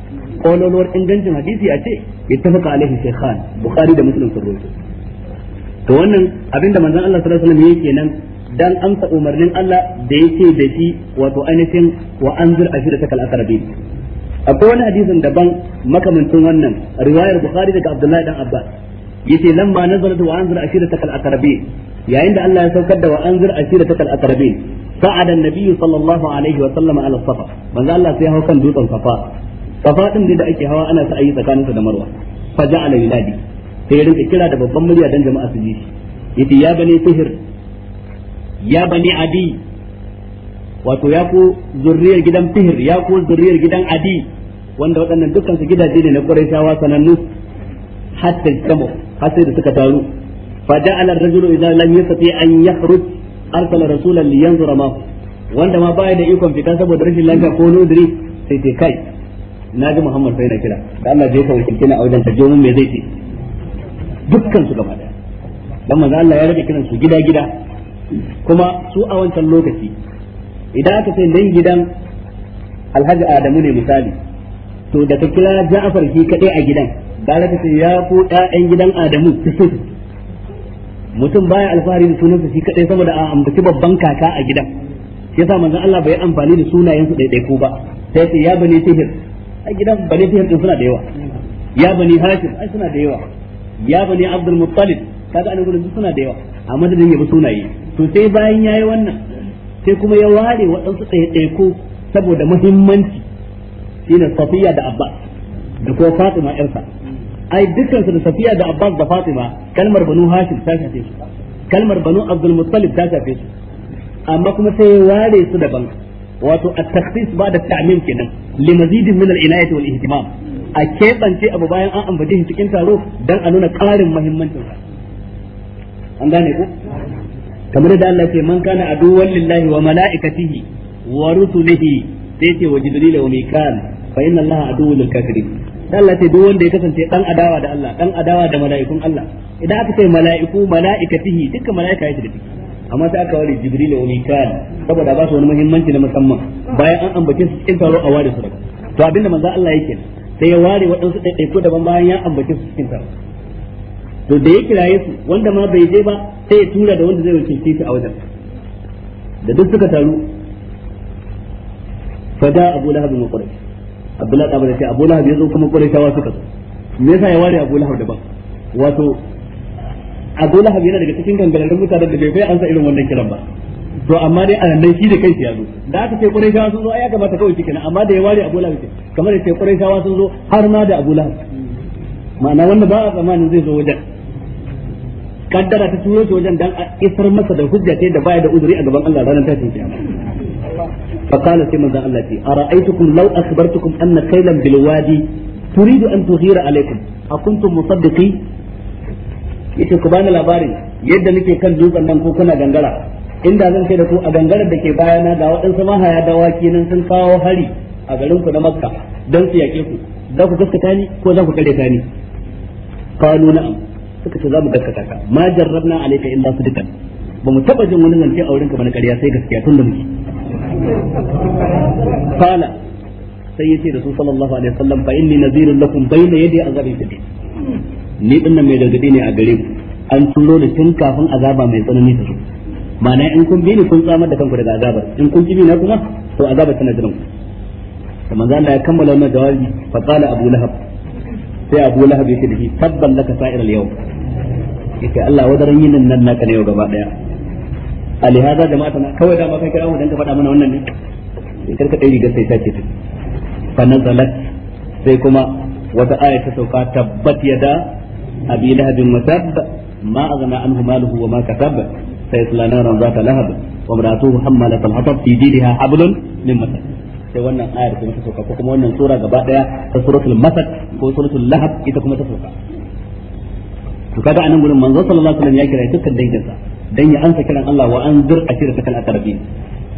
kololuwar ingancin hadisi a ce ittafaqa alaihi shaykhan bukhari da muslim sun rawaito to wannan abinda manzon Allah sallallahu alaihi wasallam yake nan dan amsa umarnin Allah da yake da shi wato ainihin wa anzir ashiratakal aqrabin akwai wani hadisin daban makamantun wannan riwayar bukhari daga abdullahi dan abbas yace lamma nazalat wa anzir takal aqrabin yayin da Allah ya saukar da wa anzir takal aqrabin sa'ada an-nabiy sallallahu alaihi wa sallam ala safa manzo Allah sai hawo kan dutsen safa safa din da ake hawa ana sa ayi tsakanin da marwa fa ja'ala yunadi sai ya rinka kira da babban murya dan jama'a su ji yace ya bani sihir ya bani adi wato ya ku zurriyar gidan sihir ya ku zurriyar gidan adi wanda waɗannan dukkan su gidaje ne na Qurayshawa sanannu hatta kamu har sai da suka taru fa ja'ala ar-rajulu idza lam yastati an yakhruj arsala rasulan liyanzura ma wanda ma baya da ikon fita saboda rashin lafiya ko nodiri sai sai kai na ji Muhammad sai na kira da Allah je ka wakilci kina auren ka je mun me zai ce dukkan su gaba daya dan manzo Allah ya rage kiran su gida gida kuma su a wancan lokaci idan aka ce dan gidan Alhaji Adamu ne misali to da ka kira Ja'far shi kadai a gidan gara ce ya ku ƴaƴan gidan Adamu mutum baya alfahari da sunansa shi kadai sama da a ambaci babban kaka a gidan Ya sa manzon Allah bai amfani da sunayensu ko ba sai ce ya bani sihir a gidan bani sihir din suna da yawa ya bani hashim ai suna da yawa ya bani abdul muttalib kaga an gurin suna da yawa a madadin yabi sunaye to sai bayan yayi wannan sai kuma ya ware waɗansu ko saboda muhimmanci shine safiya da abba da ko fatima yarsa ai dukkan su da Safiya da Abbas da Fatima kalmar Banu Hashim ta shafe su kalmar Banu Abdul Muttalib ta shafe su amma kuma sai ware su daban wato at-takhsis ba da ta'mim kenan li mazidin min al-inayati wal ihtimam a keɓance abu bayan an ambace shi cikin taro dan a nuna ƙarin muhimmancin sa an gane ku? kamar da Allah ce man kana aduwwan lillahi wa mala'ikatihi wa rusulihi sai ce wa jibril wa mikal fa inna allaha aduwwul kafirin Allah ce duk wanda ya kasance dan adawa da Allah dan adawa da mala'ikun Allah idan aka ce mala'iku mala'ikatihi dukkan mala'ika yake da shi amma sai aka ware jibril wa mikal saboda ba su wani muhimmanci na musamman bayan an ambace su cikin taro a ware su daga to abinda manzo Allah yake sai ya ware waɗansu ɗaiɗaiku daban bayan ya ambace su cikin taro to da ya kiraye su wanda ma bai je ba sai ya tura da wanda zai wakilce shi a wajen da duk suka taru fada abu lahabin wa abdullahi da bai ce abu lahab yazo kuma quraishawa suka zo me yasa ya ware abu lahab daban wato abu lahab yana daga cikin gangararrun mutanen da bai bai ansa irin wannan kiran ba to amma dai a nan shi da kai ya zo da aka ce shawar sun zo ai ya kamata kawai shi kenan amma da ya ware abu lahab kamar sai shawar sun zo har ma da abu lahab ma'ana wanda ba a tsammanin zai zo wajen kaddara ta turo shi wajen dan a isar masa da hujja ta da baya da uzuri a gaban Allah ranar tashin kiyama fa qala sai maza Allah ce ara'aytukum law akhbartukum anna kaylan bil wadi turidu an ku bani labarin yadda nake kan dutsen nan ko kuna gangara inda zan kai da ku a gangarar da ke bayana ga waɗansu mahaya dawaki nan sun kawo hari a garin ku na makka don su yaƙe ku za ku gaskata ni ko za ku kare ni na'am suka ce za mu gaskata ka ma jarrabna ba mu taba jin wani zance a wurinka ƙarya sai gaskiya tun da muke قال سيدي رسول da su sallallahu alaihi wasallam fa inni nazirun lakum bayna yadi azabi fitna ni din nan mai gargadi ne a gare ku an turo ni tun kafin azaba mai tsanani ta zo ma'ana in kun bi ni kun tsamar da kanku daga azabar in kun kibi na kuma to azabar tana jiran ku da manzo Allah ya kammala wannan jawabi fa qala Abu Lahab sai Abu Lahab yake da shi tabban laka sa'ir al-yawm yake Allah wadaran yin nan naka ne yau gaba daya alihaza jama'a na kawai dama kai kira ka faɗa mana wannan ne sai eh, karka dai rigar sai sace ta fa nazalat sai kuma wata aya ta sauka tabbat yada abi lahabin matab ma azna anhu maluhu wa ma kasab sayasla naran zata lahab wa imratuhu hammalat al-hatab fi hablun min sai wannan ayar kuma ta sauka ko kuma wannan sura gaba daya ta suratul masad ko suratul lahab ita kuma ta sauka to kaga anan gurin manzo sallallahu alaihi wasallam ya kira dukkan danginsa dan ya ansa kiran Allah wa anzir ashirata kal aqrabin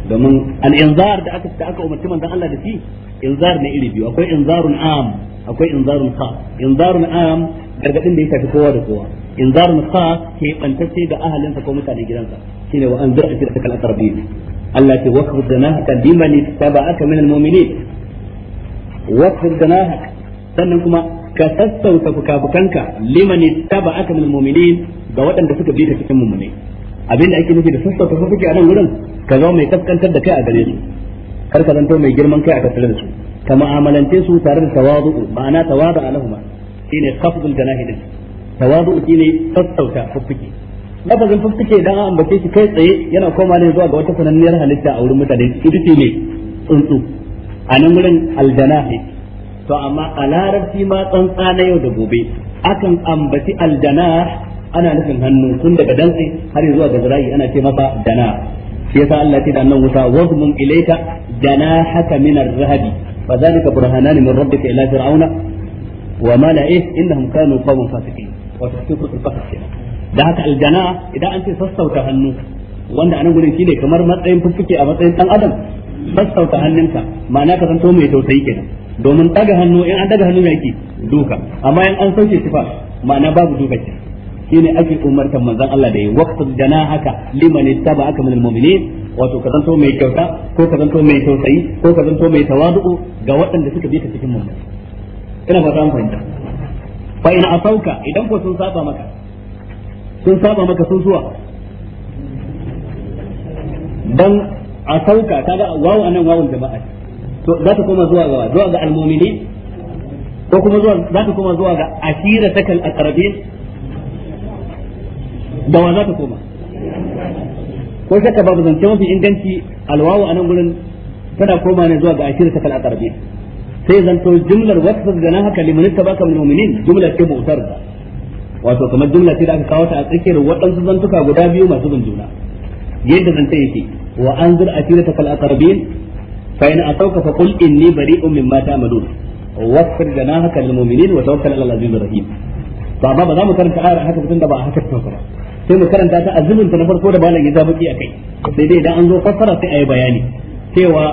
domin al inzar da aka aka umarci manzon Allah da shi inzar ne iri biyu akwai inzarun am akwai inzarun khas inzarun am gargadin da ya shafi kowa da kowa inzarun khas ke bantacce ga ahalinsa ko mutanen gidansa shine wa anzir ashirata kal aqrabin Allah ce wakfur janahaka liman ittaba'aka min al mu'minin wakfur janahaka sannan kuma ka sassauta fukafukanka liman aka min mu'minin ga waɗanda suka bi ta cikin mu'mini abinda ake nufi da sassauta fukafuki a nan gurin ka zama mai kaskantar da kai a gare su kar ka zanto mai girman kai a tattare da su ka mu'amalance su tare da tawazu'u ma'ana tawada'a lahum shine khafdul janahid din tawazu'u shine sassauta fukafuki lafazin fukafuki dan an bace shi kai tsaye yana koma ne zuwa ga wata sananniyar halitta a wurin mutane ita ce ne tsuntsu a nan gurin aljanahi to amma a larabci ma tsantsa na yau da gobe akan ambaci aljanah ana nufin hannu tun daga dantse har zuwa ga zira'i ana ce masa dana shi yasa Allah ce da annan wuta wazmum ilayka janahaka min ar-rahbi fadhalika burhanani min rabbika ila fir'auna wa mala'ihi innahum kanu qawman fasiqin wa tasfiqu al-fasl da haka aljana idan an ce sassauta hannu wanda anan gurin shine kamar matsayin fuffuke a matsayin dan adam sassauta hannunka ma'ana ka zanto mai tausayi kenan domin daga hannu in an daga hannu ya ke duka amma in an sauke shi fa ma'ana babu duka ke ne ake umartan manzan Allah da yi waqtul janahaka liman aka minal mu'minin wato ka zanto mai kyauta ko ka zanto mai tausayi ko ka zanto mai tawadu ga waɗanda suka bi ka cikin mu'minin ina fata an fahimta fa in asauka idan ko sun saba maka sun saba maka sun zuwa dan asauka kaga wawu anan wawun jama'a To za ta koma zuwa ga zuwa ga almu'minin ko kuma zuwa za ta koma zuwa ga asira takal aqrabin da wa za ta koma ko shakka babu zance mafi inganci alwawu a nan gurin tana koma ne zuwa ga ashirin takal kala tarbi sai zanto jumlar wasfas ga nan haka limanin ta baka min jumla jumlar ce bautar da wato kamar jumla ce da aka kawo ta a tsakiyar waɗansu zantuka guda biyu masu bin juna yadda zance yake wa anzir ashirin takal kala tarbi fa in asauka fa qul inni bari'un mimma ta'malun wasfir janahaka lil mu'minin wa tawakkal 'alal azizir rahim to amma ba za mu karanta ayar haka mutum da ba haka ta fara sai mu karanta ta azumin ta na farko da malam ya ja baki akai sai dai idan an zo fassara sai ayi bayani cewa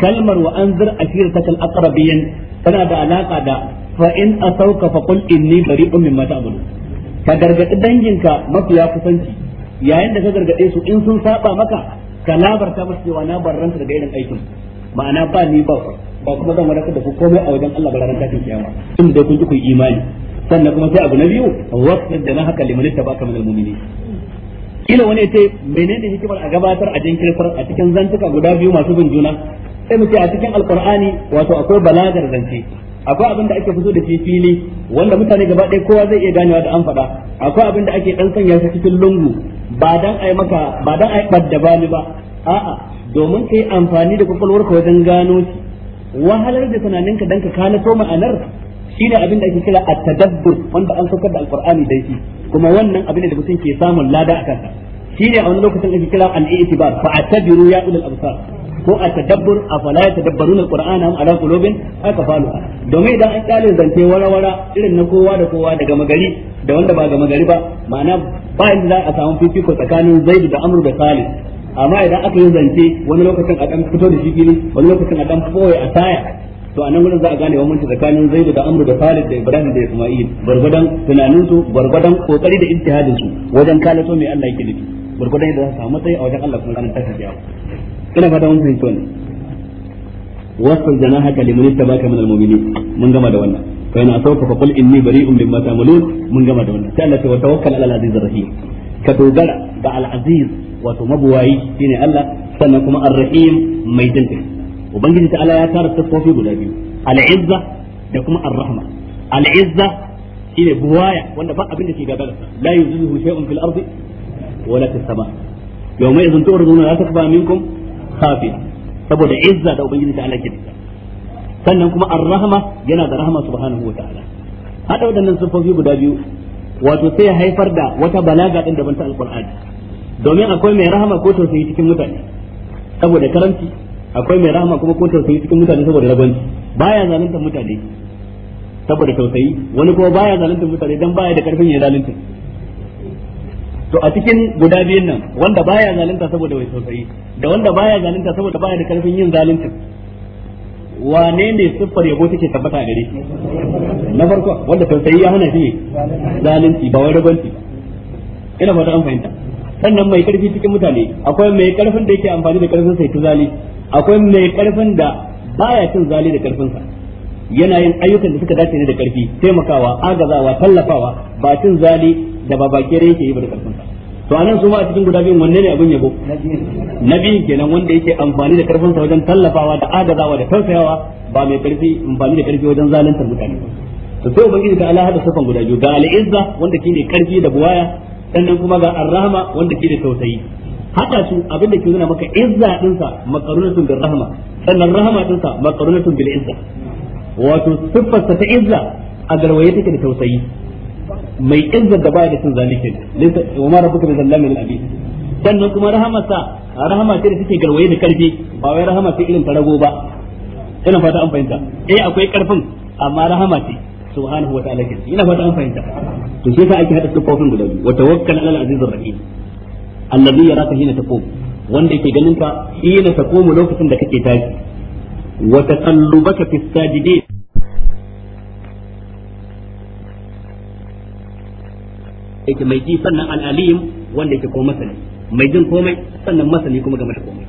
kalmar wa anzir ashiratakal aqrabiyan tana da alaka da fa in asauka fa qul inni bari'un mimma ka gargadi danginka kusanci yayin da ka gargaɗe su in sun saba maka ka labarta musu cewa barranta daga irin ma'ana ba ni ba ku ba kuma zan wadaka da ku komai a wajen Allah ba ranar tashin kiyama tun da kun ji ku imani sannan kuma sai abu na biyu wasu da na haka ta baka min almu'minin kila wani ya ce menene hikimar a gabatar a jinkirtar a cikin zantuka guda biyu masu bin juna sai mu ce a cikin alqur'ani wato akwai balagar zance akwai abin da ake fito da shi fili wanda mutane gaba ɗaya kowa zai iya ganewa da an faɗa akwai abin da ake dan sanya shi cikin lungu ba dan yi maka ba dan ai badda bani ba a'a domin yi amfani da kwakwalwarka wajen gano shi wahalar da tunaninka dan ka kana to ma'anar shine abin da ake kira at-tadabbur wanda an saukar da alqur'ani dai shi kuma wannan abin da mutum ke samun lada a kansa shine a wani lokacin ake kira al-i'tibar fa atabiru ya ulul absar ko a tadabbur a fala ya tadabbaruna alqur'ana am ala qulubin aka domin idan an kyale zance wara-wara irin na kowa da kowa daga magari da wanda ba ga magari ba ma'ana ba inda za a samu fifiko tsakanin zaid da amru da salim amma idan aka yi zance wani lokacin a dan fito da shi fili wani lokacin a dan foye a taya to a nan gurin za a gane bambanci tsakanin Zaidu da Amru da Khalid da Ibrahim da Isma'il gwargwadon tunanin su gwargwadon kokari da ijtihadin su wajen kalato mai Allah yake nufi gwargwadon yadda za su samu tsaye a wajen Allah kuma ranar tashin kiyama ina fata mun fahimci wannan wasu janahaka liman baka min almu'minin mun gama da wannan fa yana sauka fa qul inni bari'un mimma ta'malun mun gama da wannan sai Allah ya tawakkal ala al-aziz ar-rahim ka dogara da al-aziz wato mabuwayi shine Allah sannan kuma ar-rahim mai jin kai ubangiji ta'ala ya tara tasfofi guda biyu al-izza da kuma ar-rahma al-izza shine buwaya wanda ba abin da ke gaba da la yuzuhu shay'un fil ardi wala fis sama yawma idhin tu'riduna la takfa minkum khafiya saboda izza da ubangiji ta'ala ke da sannan kuma ar-rahma yana da rahma subhanahu wa ta'ala hada wadannan sifofi guda biyu wato sai ya haifar da wata balaga ɗin da ban ta alqur'ani domin akwai mai rahama ko tausayi cikin mutane saboda karanci akwai mai rahama kuma ko tausayi cikin mutane saboda rabanci baya zalunta mutane saboda tausayi wani kuma baya zalunta mutane dan baya da karfin ya zalunta to a cikin guda biyun nan wanda baya zalunta saboda wai tausayi da wanda baya zalunta saboda baya da karfin yin zalunta wane ne siffar yabo take tabbata gare shi na farko wanda tausayi ya hana shi zalunci ba wai rabanci ba ina fata an fahimta sannan mai karfi cikin mutane akwai mai karfin da yake amfani da karfin sai zali akwai mai karfin da baya cin zali da karfin sa yana yin ayyukan da suka dace ne da karfi taimakawa agazawa tallafawa ba cin zali da ba bakere yake yi ba da karfin sa to anan su ma a cikin guda biyun wanne ne abin yabo na biyun kenan wanda yake amfani da karfin sa wajen tallafawa da agazawa da tausayawa ba mai karfi amfani da karfi wajen zaluntar mutane to sai ubangiji ta Allah hada Sufan guda biyu ga al'izza wanda kine karfi da buwaya sannan kuma ga arrahama wanda ke da tausayi hada su abin da ke nuna maka izza din sa makarunatun bil rahma sannan rahama din sa makarunatun bil izza wato siffar ta izza a garwaye take da tausayi mai izza da baya da cin zalikin laysa wa ma rabbuka bizallamin al-abid sannan kuma rahama sa rahama ce da take garwaye da karfi ba wai rahama ce irin farago ba ina fata an fahimta eh akwai karfin amma rahama ce subhanahu wa ta'ala ina fata an fahimta to shi ake hada guda biyu aziz hina wanda yake ganin ka hina lokacin da kake tashi fi yake mai ji sannan wanda yake ko masani mai jin komai sannan masani kuma game da komai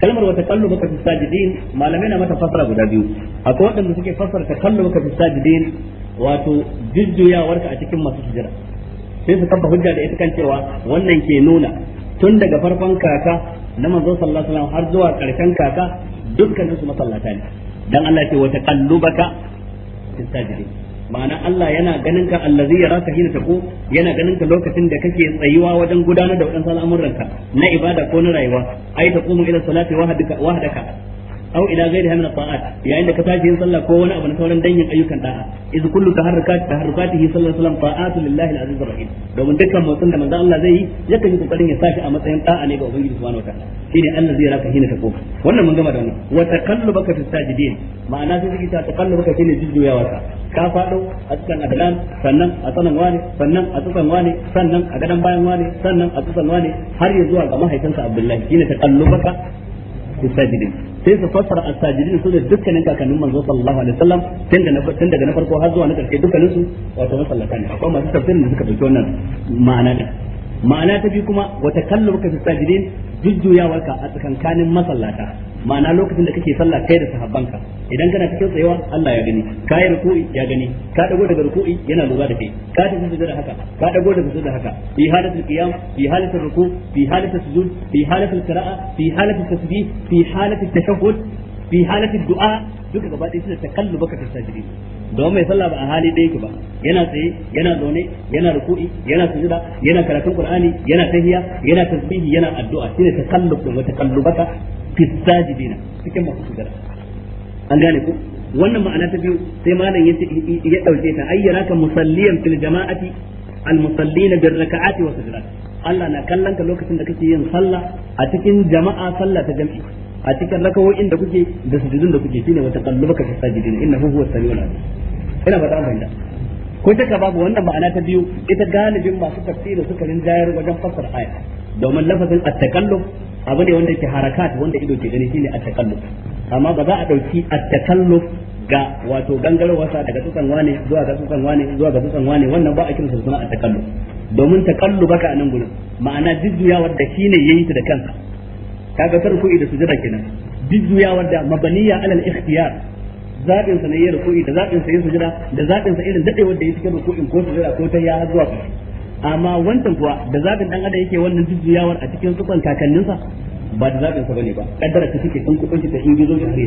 kalmar wata kallo baka fi sajidin malamai na mata fasara guda biyu akwai waɗanda suke fasara ta kallo baka fi sajidin wato jujjuyawarka a cikin masu hijira sai su kafa hujja da ita kan cewa wannan ke nuna tun daga farkon kaka na manzo sallallahu alaihi wasallam har zuwa karshen kaka dukkanin su masallata ne dan Allah ce wa taqallubaka fisajiri ma'ana Allah yana ganin ka allazi yaraka hina taku yana ganin ka lokacin da kake tsayuwa wajen gudanar da wadansu al'amuranka na ibada ko na rayuwa ai taqumu ila salati wahdaka wahdaka aw ila ghairiha min at-ta'at yayin da ka tashi yin sallah ko wani abu na sauran dangin ayyukan da'a iz kullu taharrukat taharrukatihi sallallahu alaihi wasallam ta'atu lillahi al-aziz ar-rahim domin dukkan motsin da manzo Allah zai yi yakan yi kokarin ya sashi a matsayin a ne ga ubangiji subhanahu wataala shine Allah zai raka hina ta koka wannan mun gama da wannan wa taqallubaka fi sajidin ma'ana sai kike ta taqallubaka shine jujjuyawa ka ka fado a cikin adalan sannan a sanan sannan a tsakan sannan a bayan sannan a tsakan har ya zuwa ga sai su fassara as-sajidin su ne dukkanin kakannin manzo sallallahu alaihi wasallam tun daga na farko har zuwa na karshe dukkanin su wato masallata ne akwai masu tafsirin da suka dauki wannan ma'ana ne ma'ana ta bi kuma wa takallubuka fi sajidin jujjuyawarka a tsakankanin masallata ma'ana lokacin da kake sallah kai da sahabbanka idan kana cikin tsayawa Allah ya gani ka yi ruku'i ya gani ka dago daga ruku'i yana lura da kai ka tafi sujud haka ka dago daga sujud haka fi halatul qiyam fi halatul ruku' fi halatul sujud fi halatul qira'a fi halatul tasbih fi halatul tashahhud fi halatul du'a duka gaba ɗaya suna takalluba ka sajidi don mai sallah ba a hali ɗaya ki ba yana tsaye yana zaune yana ruku'i yana sujuda yana karatun qur'ani yana tahiya yana tasbihi yana addu'a shine takalluba da takallubaka fi sajidina cikin masu sujada an gane ko wannan ma'ana ta biyu sai malam yace ya dauke ta ayyaraka musalliyan fil jama'ati al musallina bir raka'ati wa sujudat Allah na kallon ka lokacin da kake yin sallah a cikin jama'a sallah ta jam'i a cikin rakawoyin da kuke da sujudun da kuke shine wata kallubaka fi sajidin innahu huwa samiul alim ina ba ta fahimta ko duka babu wannan ma'ana ta biyu ita galibin masu tafsiri suka rinjayar wajen fassara aya domin lafazin at-takalluf abu ne wanda ke harakat wanda ido ke gani shine at-takalluf amma ba za a dauki at-takalluf ga wato gangarwa sa daga tsukan wane zuwa ga tsukan wane zuwa ga tsukan wane wannan ba a kiransa suna at-takalluf domin takallubaka a nan gurin ma'ana jujjuyawar wanda shine yayi ta da kansa kaga tarku'i da jira kenan jujjuyawar wanda mabaniya alal ikhtiyar zaɓin sa ne ya ruku'i da zaɓin sa ya sujada da zaɓin sa irin dadewar da ya cikin ruku'in ko sujada ko ta ya zuwa amma wancan kuwa da zaɓin ɗan adam yake wannan jujjuyawar a cikin sukan kakanninsa ba da zaɓinsa ba bane ba ƙaddara ta suke sun kuɗin ta in gizo da su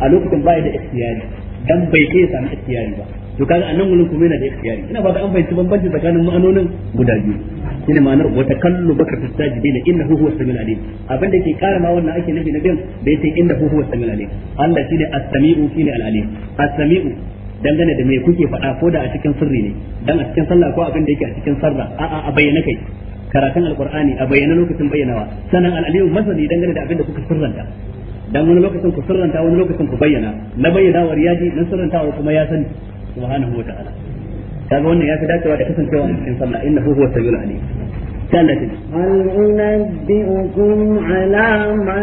a lokacin ba da ikhtiyari dan bai ke sami ikhtiyari ba to kaga anan wurin kuma yana da ikhtiyari ina ba da an fahimci bambanci tsakanin ma'anonin guda biyu shine ma'anar wa takallu baka tasajidin innahu huwa samil alim abinda ke ƙara ma wannan ake nufi na bin da yace innahu huwa samil alim Allah shine as-sami'u shine al-alim as-sami'u dangane da me kuke faɗa ko da a cikin sirri ne dan a cikin sallah ko abin da yake a cikin sarra a a bayyana kai karatun alqur'ani a bayyana lokacin bayyanawa sanan al-aliyu masani dangane da abin da kuka sirranta dan wani lokacin ku sirranta wani lokacin ku bayyana na bayyana wa riyadi na sirranta wa kuma ya sani subhanahu wa ta'ala kaga wannan ya fi dacewa da kasancewa a cikin sallah innahu huwa sayyul ali هل أنبئكم على من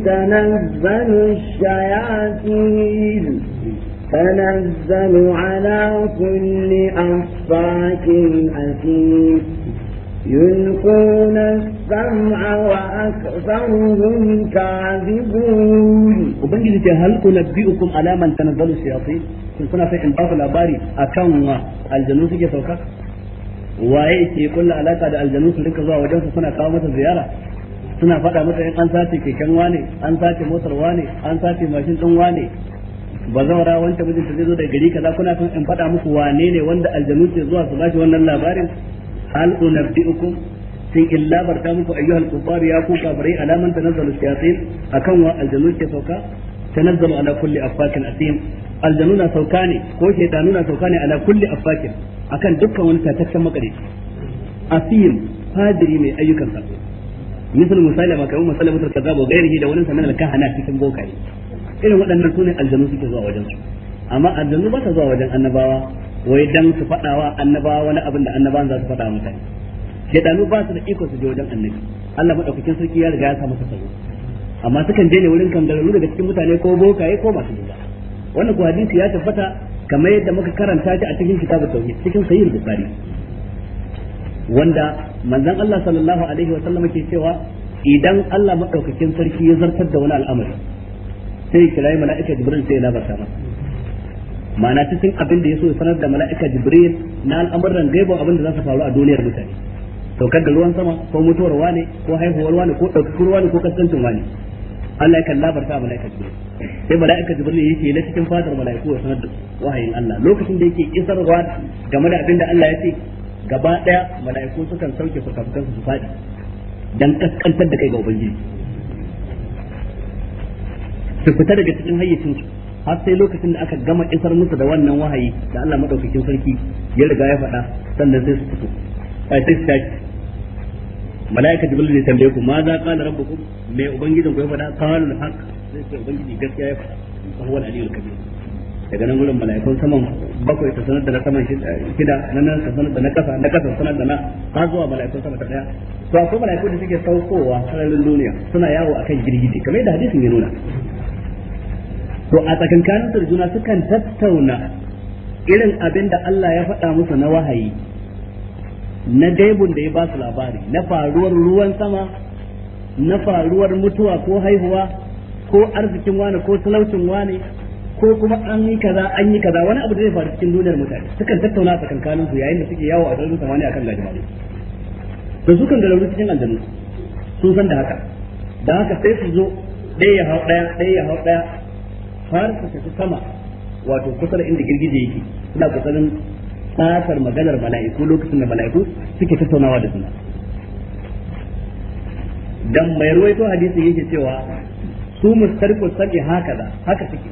تنزل الشياطين تنزل على كل أفاك أثيم يلقون السمع وأكثرهم كاذبون وبنجد هل أنبئكم على من تنزل الشياطين kun kuna sai in ba ku labari a wa aljanu suke sauka waye ke ƙulla alaka da aljanu su rinka zuwa wajen su suna kawo mata ziyara suna faɗa mata in an sace keken wane an sace motar wane an sace mashin ɗin wane ba zama ra wanda mijinta zai zo da gari kaza kuna son in faɗa muku wane ne wanda aljanu ke zuwa su bashi wannan labarin hal unabdi unabbiukum sin in labarta muku ayyuhal kufar ya ku kafirai alaman tanazzalu shayatin akan wa aljanu ke sauka tanazzalu ala kulli affakin asim aljanu na sauka ne ko shaytanu na sauka ne ala kulli affakin akan dukkan wani tataccen makarici asim fadiri mai ayyukan sa misal kai kamar musalama tarkaza ba gairihi da wani sanan alkahana cikin bokaye irin waɗannan ne aljanu suke zuwa wajen su amma aljanu ba su zuwa wajen annabawa wai dan su faɗawa annabawa wani abin da annabawan za su faɗa mutane shedanu ba su da iko su je wajen annabi Allah madaukakin sarki ya riga ya sa masa tsaro amma sukan je ne wurin kangararru daga cikin mutane ko bokaye ko masu duba wannan ko hadisi ya tabbata kamar yadda muka karanta shi a cikin kitabu tauhid cikin sahih bukhari wanda manzon Allah sallallahu alaihi wa sallam ke cewa idan Allah madaukakin sarki ya zartar da wani al'amari sai kirayi mala'ika jibril sai ya labarta masa ma'ana cikin abin da ya so sanar da mala'ika jibril na al'amuran gaibo abin da za su faru a duniyar mutane saukar da ruwan sama ko mutuwar wane ko haihuwar wane ko ɗaukar wane ko kaskancin wane Allah ya kan labarta mala'ika jibril sai mala'ika jibril yake na cikin fatar mala'iku ya sanar da wahayin Allah lokacin da yake isarwa game da abin da Allah ya ce gaba daya mala'iku sukan sauke fukafukansu su faɗi dan kaskantar da kai ga ubangiji su fita daga cikin hayyacin su har sai lokacin da aka gama isar musu da wannan wahayi da Allah madaukakin sarki ya riga ya faɗa sannan sai su fito a sai su tashi malaika jibril zai tambaye ku ma za qala rabbukum me ubangijin ku ya faɗa qalu al-haq sai ce ubangiji gaskiya ya faɗa kuma wani aliyyul kabir daga nan gurin malaikun saman bakwai ta sanar da na saman shida na nan ta sanar da na kasa na kasa sanar da na ka zuwa malaikun sama ta daya to akwai malaikun da suke saukowa sararin duniya suna yawo akan girgije kamar yadda hadisin ya nuna to a tsakankanin su juna sukan tattauna irin abin da Allah ya faɗa musu na wahayi na gaibun da ya ba su labari na faruwar ruwan sama na faruwar mutuwa ko haihuwa ko arzikin wani ko talaucin wani ko kuma an yi kaza an yi kaza wani abu da zai faru cikin duniyar mutane sukan tattauna a tsakankanin su yayin da suke yawo a sararin samaniya akan gajimare Da su kan galauri cikin aljanu sun san da haka da haka sai su zo ɗaya ya hau ɗaya ɗaya ya hau ɗaya har su tafi sama wato kusa da inda girgije yake suna kokarin tsakar maganar mala'iku lokacin da mala'iku suke tattaunawa da suna dan mai ruwaito hadisi yake cewa su mustarqu sabi haka da haka suke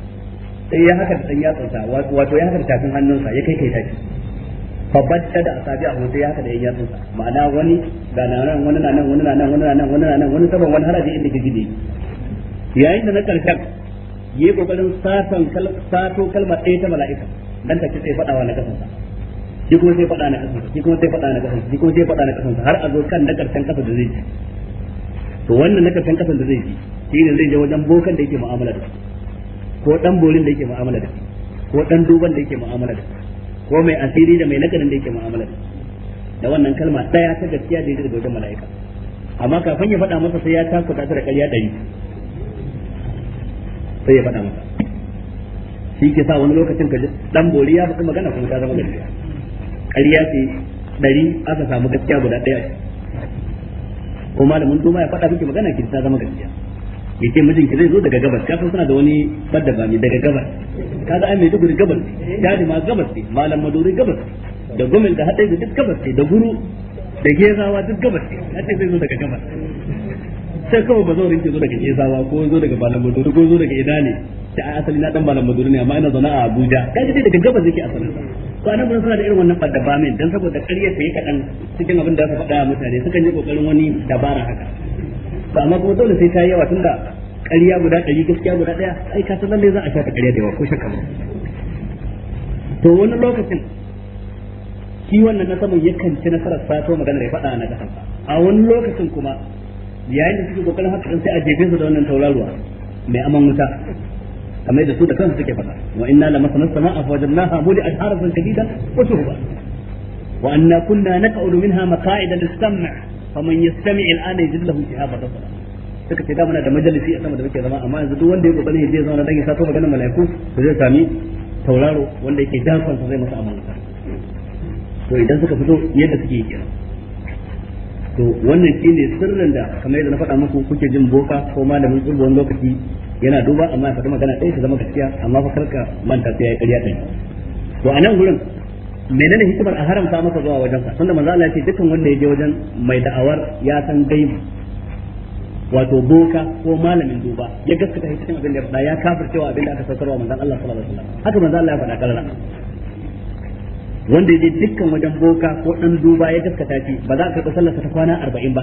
sai ya haka da dan yatsunsa wato ya haka da tafin hannunsa ya kai kai tafi fabbata da asabi a hoto ya haka da ya yatsunsa ma'ana wani ga nan wani nan wani na nan wani na nan wani na nan wani saban wani haraji inda gidi yayin da na karshen yi kokarin satan sato kalmar ɗaya ta mala'ika dan take sai faɗawa na kasansa shi kuma sai faɗa na kasansa shi kuma sai faɗa na kasansa shi kuma sai faɗa na kasansa har a zo kan na karshen kasa da zai ji to wannan na karshen kasan da zai ji ne zai je wajen bokan da yake mu'amala da shi ko dan borin da yake mu'amala da shi ko dan duban da yake mu'amala da shi ko mai asiri da mai nakarin da yake mu'amala da shi da wannan kalma daya ta gaskiya da yake da wajen mala'ika amma kafin ya faɗa masa sai ya takuta ta da ƙarya ɗari sai ya faɗa masa shi ke sa wani lokacin ka dan bori ya fi magana kuma ka zama gaskiya ƙarya ce ɗari aka samu gaskiya guda ɗaya ko malamin duma ya faɗa miki magana ki ta zama gaskiya ya ce mijin ki zai zo daga gabas kasan suna da wani fadda ba mai daga gabas ka za a mai duguri gabas ya ne ma gabas ne malam madori gabas da gumin da haɗe da duk gabas ne da guru da gezawa duk gabas ne na ce zai zo daga gabas sai kawai ba zaurin ke zo daga Ezawa ko zo daga Balan Maduri ko zo daga Ina ne ta asali na dan Balan Maduri ne amma ina zauna a Abuja kaji dai daga gabas yake asalin sa to anan mun suna da irin wannan fadaba min dan saboda ta yi kadan cikin abin da aka faɗa mutane sukan yi kokarin wani dabara haka to amma kuma dole sai ta yi yawa tunda ƙarya guda ɗari gaskiya guda ɗaya ai ka san lalle za a sha ta ƙarya da yawa ko shakka ba to wani lokacin shi wannan na saman yakan ci nasarar sato magana da ya faɗa na na a wani lokacin kuma yayin da suke kokarin haka sai a jefe su da wannan tauraruwa mai aman wuta kamar da su da kansu suke faɗa wa inna la masana sama'a fa wajadnaha muli'at harfan shadidan wa shuhuba wa anna kunna naq'udu minha maqa'ida lis-sam' faman yastami' al-ana yajid lahu shihaban rasula suka ce da muna da majalisi a sama da muke zama amma yanzu duk wanda ya kokarin ya je zauna dan ya sato maganar malaiku to zai sami tauraro wanda yake dakon sa zai masa amanka to idan suka fito yadda suke yi kenan to wannan ne sirrin da kamar yadda na faɗa muku kuke jin boka ko malamin tsurbo wani lokaci yana duba amma ya faɗi magana ɗaya ta zama gaskiya amma fa karka manta sai ya ƙarya ɗaya to a nan gurin menene hikimar a haramta masa zuwa wajen sa tunda manzo Allah ya ce dukkan wanda ya je wajen mai da'awar ya san gaibi wato boka ko malamin duba ya gaskata cikin abin da ya faɗa ya kafircewa abin da aka saukarwa manzon Allah sallallahu alaihi wasallam haka manzo Allah ya faɗa kalala wanda yaje dukkan wajen boka ko dan duba ya gaskata shi ba za ka karɓi sallarsa ta kwana arba'in ba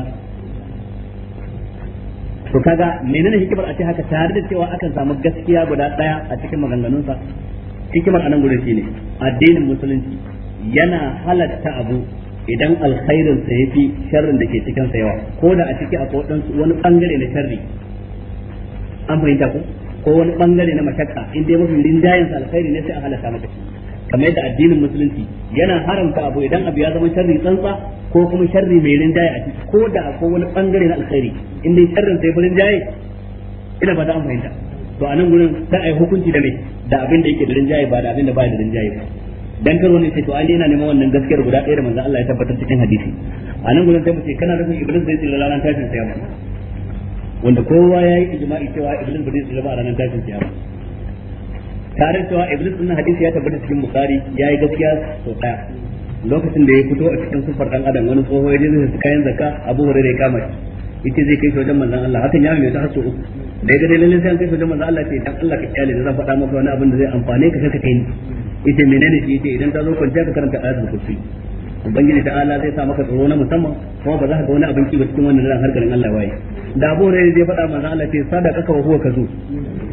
to kaga menene hikimar a ce haka tare da cewa akan samu gaskiya guda daya a cikin maganganunsa hikimar anan gurin ne addinin musulunci yana halatta abu idan alkhairin sa yafi sharrin da ke cikin sa yawa ko da a ciki akwai dan wani bangare na sharri an fahimta ko ko wani bangare na mashakka in dai mafi rinjayen sa alkhairi ne sai a halatta maka shi kamar yadda addinin musulunci yana haramta abu idan abu ya zama sharri tsantsa ko kuma sharri mai rinjaye a ciki ko da akwai wani bangare na alkhairi inda dai sharrin sai bi rinjaye ina ba da an fahimta to a nan gurin sai ai hukunci da me da abin da yake da rinjaye ba da abin da ba da rinjaye ba dan kar wani sai to ai ina neman wannan gaskiyar guda ɗaya da manzo Allah ya tabbatar cikin hadisi a nan gurin sai mu ce kana da iblis zai tsira ranar tashin kiyama wanda kowa yayi ijma'i cewa iblis ba zai tsira ba ranar tashin kiyama tare cewa iblis din hadisi ya tabbata cikin bukhari yayi gaskiya to daya lokacin da ya fito a cikin sufar dan adam wani tsoho ya je zai kayan zakka abu da ya kama shi yace zai kai shi wajen manzon Allah hakan ya mai ta hasu uku da ya ga lalle sai an kai shi wajen manzon Allah ce dan Allah ka kyale da zan faɗa maka wani abin da zai amfane ka kai ka kai ni yace menene shi yace idan ta zo kwanciya ka karanta ayatul kursi ubangiji ta ala zai sa maka tsoro na musamman kuma ba za ka ga wani abinci ba cikin wannan ran harkarin Allah waye da abu ne zai faɗa manzo Allah ce sadaka ka huwa kazu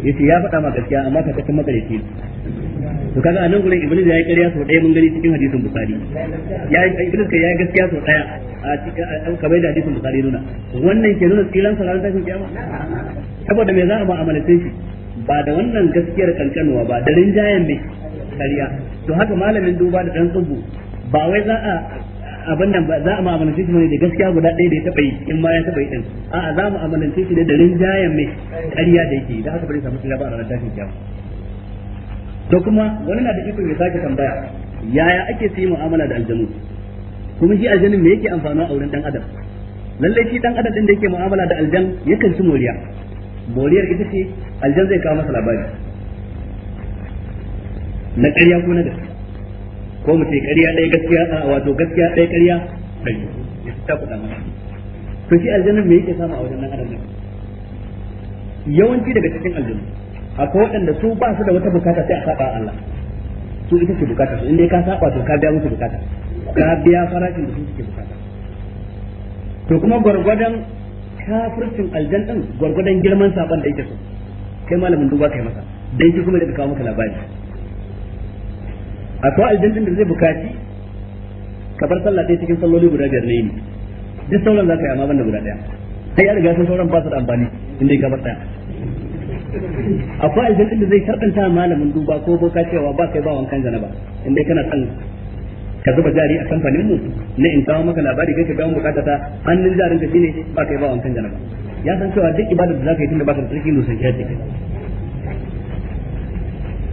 yace ya faɗa ma gaskiya amma ka kace makareci to kaga anan gurin iblis ya yi ƙarya sau ɗaya mun gani cikin hadisin bukhari ya iblis kai ya gaskiya sau ɗaya a cikin kamar da hadisin bukhari nuna wannan ke nuna tsilan salatin tashin kiyama saboda me za a ba mu'amalace shi ba da wannan gaskiyar kankanuwa ba da rinjayen ne kariya to haka malamin duba da dan tsubu ba wai za a abin nan za a ma'amalance shi ne da gaskiya guda ɗaya da ya taɓa yi in ma ya taɓa yi ɗin a'a za mu amalance shi da da jayan mai ƙarya da yake da aka bari samu shi ba a ranar tashin kiyama to kuma wani na da ikon ya sake tambaya yaya ake su yi mu'amala da aljanu kuma shi aljanin me yake amfani a wurin dan adam lalle shi dan adam ɗin da yake mu'amala da aljan yakan ci moriya moriyar ita ce aljan zai kawo masa labari na ƙarya ko na gaskiya ko mu ce ƙarya ɗaya gaskiya a wato gaskiya ɗaya ƙarya ɗari ya ta kuɗa mana to shi aljanna me yake samu a wajen nan adam yawanci daga cikin aljanna akwai waɗanda su ba su da wata bukata sai a saba Allah su ita ce bukata su inda ka saba to ka biya musu bukata ka biya farashin da su suke bukata to kuma gwargwadon kafircin aljan din gwargwadon girman saban da yake so kai malamin duba kai masa dan shi kuma daga kawo maka labari akwai aljannin da zai bukaci kabar sallah ɗaya cikin salloli guda biyar na yini duk sauran za ka yi amma banda guda ɗaya sai ya riga sun sauran ba su da amfani inda ya gabar ɗaya akwai aljannin da zai karɗanta malamin duba ko boka cewa ba kai ba wankan janaba inda kana san ka zuba jari a kamfanin mu na in kawo maka labari kai ka biya bukata ta hannun jarin ka shine ba kai ba wankan janaba ya san cewa duk ibadar da za ka yi tunda ba ka da sarki nusan ya ce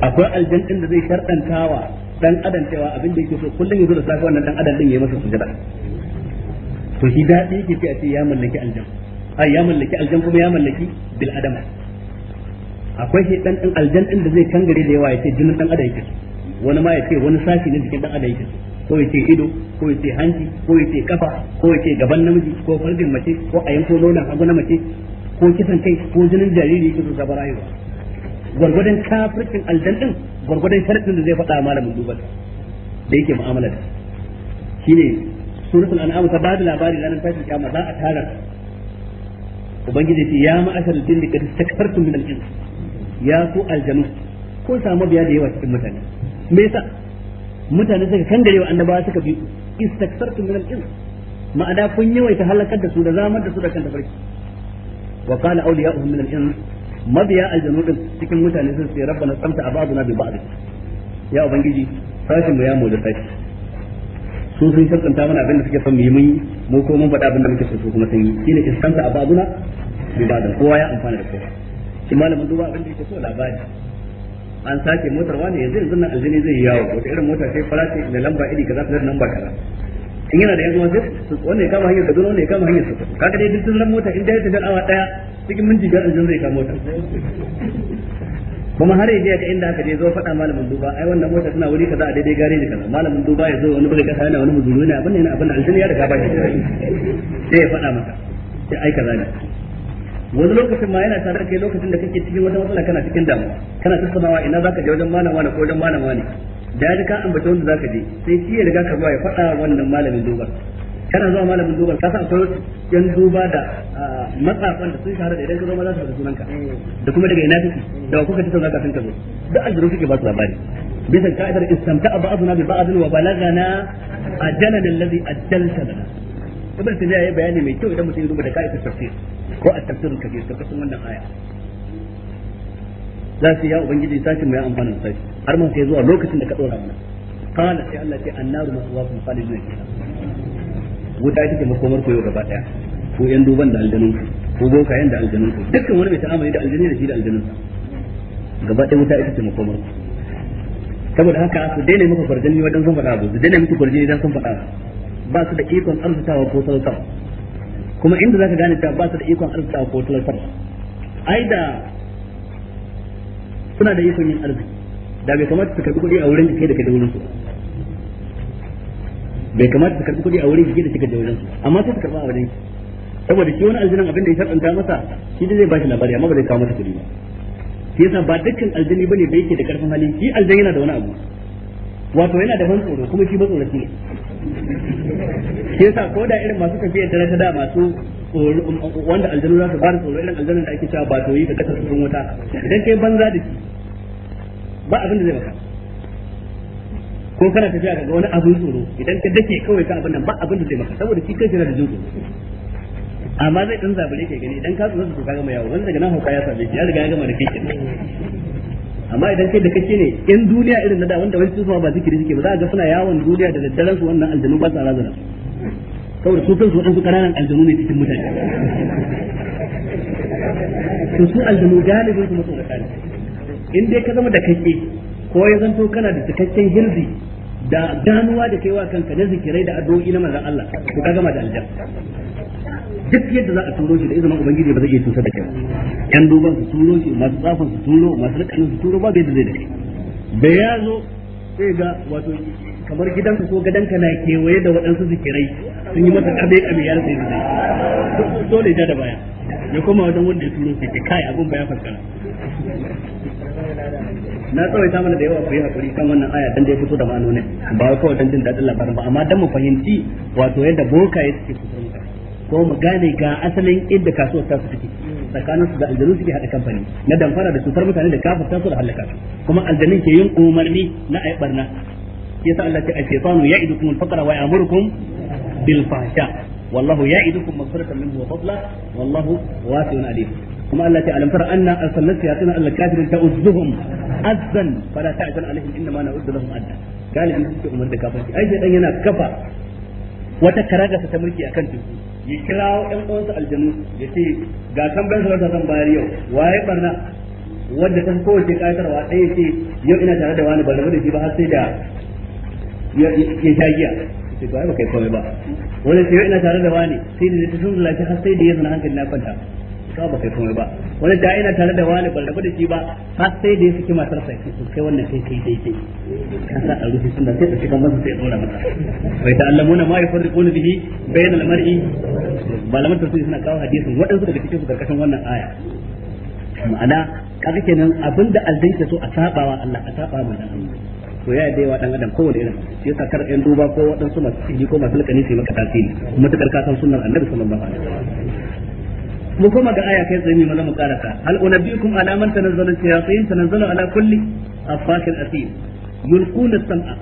akwai aljannin da zai karɗantawa dan adam cewa abin da yake so kullum ya zo da safe wannan dan adam din yayi masa sujada to shi dadi yake ce a ce ya mallaki aljan ai ya mallaki aljan kuma ya mallaki bil adama akwai shi dan aljan din da zai kangare da yawa ya jinin dan adam yake wani ma ya wani sashi ne jikin dan adam yake ko yace ido ko yace hanci ko yace kafa ko yace gaban namiji ko farjin mace ko a yanko nonon hagu na mace ko kisan kai ko jinin jariri yake so sabar rayuwa gwargwadon kafircin aljan din gwargwadon sharɗin da zai faɗa malamin duban. da yake mu'amala da Shi shine suratul an'am ta bada labari ranar tashin kiyama za a tara ubangiji ce ya ma'ashar jinni kad takartum min al-jinn ya su aljanu ko samu biya da yawa cikin mutane me yasa mutane suka kangare wa annabawa suka bi istaksartum min al-jinn ma'ana kun yawaita halakar da su da zamar da su da kan tafarki wa qala awliya'uhum min al-jinn mabiya aljanu din cikin mutane sun rabba na tsamta a na bi ba'adu ya ubangiji sashin mu ya mu da sashi su sun shakanta mana abinda da suke son mu yi mun mu ko mun faɗa abinda da muke so su kuma sun yi shine istanta na bi ba'adu kowa ya amfana da kowa shi malamin duba abin da yake so labari an sake motar wani yanzu yanzu nan aljini zai yawo wata irin mota sai farashi da lamba iri kaza da lamba kaza in yana da yan uwa sai wanda ya kama hanyar Kaduna wanda ya kama hanyar Sokoto kaga dai duk sun mota in dai ta awa daya cikin minti biyar din zai kama mota kuma har yaje ka inda aka je zo faɗa malamin duba ai wannan mota tana wuri kaza a daidai gareji kaza malamin duba ya zo wani buga kasa yana wani muzuru ne abin ne abin da aljanna ya riga ba shi sai ya faɗa maka sai ai kaza ne wani lokacin ma yana tare kai lokacin da kake cikin wata matsala kana cikin damuwa kana tattaunawa ina zaka je wajen malama ne ko wajen malama ne da ya ka ambata wanda zaka je sai shi ya riga ka zuwa ya faɗa wannan malamin dogar kana zuwa malamin dogar ka san akwai yan duba da matsafan da sun shahara da idan ka zo ma za su faɗi sunanka da kuma daga ina kake da kuka sauka kafin ka zo duk aljuru kike ba su labari bisa ka'idar istamta'a ba'duna bi ba'din wa balagana ajalana alladhi ajalta lana ibn tayyib bayani mai kyau idan mutum ya duba da ka'idar tafsir ko at-tafsir kabir tafsirin wannan aya za su ya ubangiji sashin mai amfanin da sashi har ma sai zuwa lokacin da ka dora mana kana sai Allah ce annaru maswaqu khalidun fiha wuta take makomar koyo gaba daya ko yan duban da aljanun ko yan da aljanun ku dukkan wani mai ta'amali da aljanun da shi da aljanun gaba daya wuta ita ce makomar ku saboda haka su daina maka farjani wajen sun faɗa ba su daina muku farjani dan sun faɗa ba su da ikon arzutawa ko talautar kuma inda zaka gane ta ba su da ikon arzutawa ko talautar ai da suna da ikon yin arziki da bai kamata su karbi kuɗi a wurin kai da kai da wurin su bai kamata su karbi kuɗi a wurin kai da kai da wurin su amma sai su karba a wurin saboda shi wani aljinan abin da ya sharɗanta masa shi zai ba shi labari amma ba zai kawo masa kuɗi ba shi yasa ba dukkan aljini bane da yake da karfin hali shi aljini yana da wani abu wato yana da ban tsoro kuma shi ba tsorati ne shi yasa ko da irin masu tafiya dare ta da masu wanda aljanu za su fara tsoro irin aljanun da ake cewa ba to yi da kasar sun wuta idan kai banza da shi ba abin da zai maka ko kana tafiya daga wani abin tsoro idan ka dake kawai ka abin nan ba abin da zai maka saboda shi kai kana da jin tsoro amma zai dan zabare ke gani idan ka tsoro su kaga mai yawo wanda daga nan hauka ya sabe ya riga ya gama da kai amma idan kai da kake ne in duniya irin na da wanda wani su ba zikiri suke ba za a ga suna yawon duniya da daddaren su wannan aljanu ba sa razana saboda su kansu wadansu kananan aljanu ne cikin mutane to su aljanu galibin su masu ne in dai ka zama da kake ko ya zanto kana da cikakken hirzi da ganuwa da kaiwa kanka na zikirai da addu'o'i na manzon Allah ko ka gama da aljanna duk yadda za a turo shi da izinin ubangiji ba zai iya cutar da kai yan duba su turo shi masu tsafan su turo masu rikanin su turo ba bai da zai da bai ya zo sai ga wato kamar gidanka ko gadanka na kewaye da waɗansu zikirai sun yi masa kabe kabe ya rasa yadda zai dole ja da baya ya koma wajen wanda ya turo sai ke kai abin ba ya faskara na ta mana da yawa ku yi hakuri kan wannan aya dan dai fito da ne ba kawai dan jin daɗin labarin ba amma dan mu fahimci wato yadda boka ya suke kusurin ko mu gane ga asalin inda kasuwar ta su take tsakanin su da aljanu suke hada kamfani na damfara da cutar mutane da kafirta su da halaka su kuma aljanin ke yin umarni na ayi barna yasa Allah ya ce shaytanu ya'idukum al-faqra wa ya'murukum bil fahsha wallahu ya ya'idukum maghfiratan minhu wa fadla wallahu wasi'un alim kuma Allah ya ce alam tara anna arsalna shayatin al-kafirin ta'uzzuhum azzan fala ta'zan alaihim inna ma na'uddu lahum adda galibin suke umar da kafirci ai dan yana kafa wata karaga ta mulki akan tuku ya kirawo ɗan uwansa aljanu ya ce ga kan bai sarauta zan bayar yau waye barna wanda ta kowace ƙayatarwa ɗaya ce yau ina tare da wani balabar da shi ba har sai da ya sha giya ce ba ba kai komai ba wani ce yau ina tare da wani sai da ya tafi tunzula shi har sai da ya sana hankali na kwanta ka ba kai komai ba wani da ina tare da wani ban da shi ba ba sai da ya sai matar sa kai wannan kai kai dai kai ka sa a rufe sunna sai ta cika masa sai dora masa bai ta'allamuna ma yafarriquna bihi bainal mar'i malaman tafsiri suna kawo hadisin waɗansu daga cikin su karkashin wannan aya ma'ana kaga kenan abinda aldanke so a sabawa Allah a sabawa manzon Allah to ya dai wa dan adam kowane irin shi yasa kar ɗan duba ko waɗansu masu ciki ko masu lakani sai maka tasiri mutakar ka san sunnar annabi sallallahu alaihi wasallam mu koma ga aya kai tsaye mai maza mu karasa hal unabbiukum ala man tanazzalu shayatin tanazzalu ala kulli afakin asim yulquna sam'a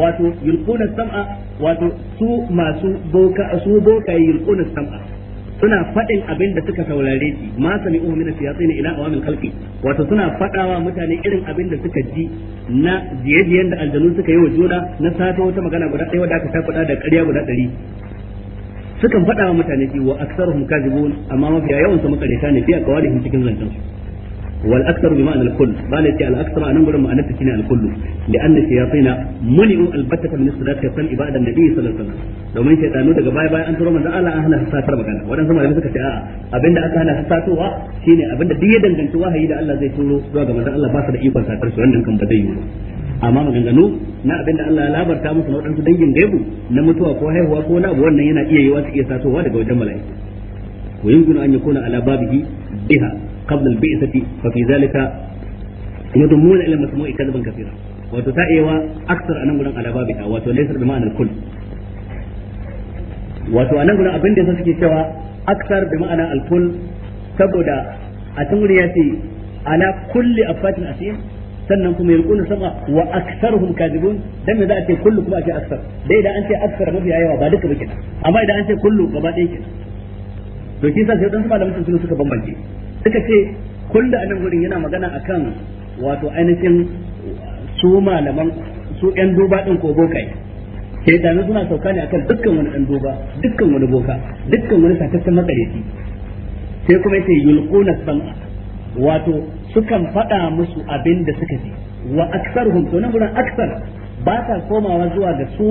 wato yulquna sam'a wato su masu boka su boka yulquna sam'a suna faɗin abin da suka saurare shi ma sami uhu min siyasin ila awamil khalqi wato suna faɗawa mutane irin abin da suka ji na jiyajiyan da aljanu suka yi wa juna na sato wata magana guda ɗaya wadda aka ta faɗa da ƙarya guda ɗari sukan faɗa wa mutane cewa aktsaruhum kadhibun amma mafi yawan su makareta ne fiye kawalihim cikin zancen su wal aktsaru bi ma'ana al kull ba ne ce al aktsaru anan gurin ma'anar ta shine al kullu li'anna shayatina muni'u al batata min salati kan ibadan nabi sallallahu alaihi wasallam domin shaytanu daga baya bayan an turo manzo Allah an hana satar magana wadansu da suka ce a'a abinda aka hana satowa shine abinda duk ya danganci wahayi da Allah zai turo zuwa ga manzo Allah ba su da ikon satar su wannan kan ba zai yi amma maganganu na abinda Allah ya labarta musu na wadansu dangin gaibu na mutuwa ko haihuwa ko na abu wannan yana iya yiwa su iya satowa daga wajen mala'iku wa yumkinu an yakuna ala babihi biha qabla al-bi'sati fa fi zalika yadumuna ila masmu'i kadhaban kathira wato ta iya aksar anan gurin ala wato laysa bi ma'anar kull wato anan gurin abinda yasa suke cewa aksar bi ma'ana al-kull saboda a tun ya ce ala kulli afatin asim sannan kuma yalquna sab'a wa aktharuhum kadibun dan me za a ce kullu kuma a ce aksar dai da an ce aksar mafi yawa ba duka bake amma idan an ce kullu gaba ɗaya kenan to shi yasa sai dan malamin sun suka bambance suka ce kullu anan gurin yana magana akan wato ainihin su malaman su yan duba din ko bokai sai da suna sauka ne akan dukkan wani dan duba dukkan wani boka dukkan wani sakakken makareci sai kuma yace yulquna sab'a wato sukan faɗa musu abin da suka ji wa aksarhum to nan gurin aksar ba ta komawa zuwa ga su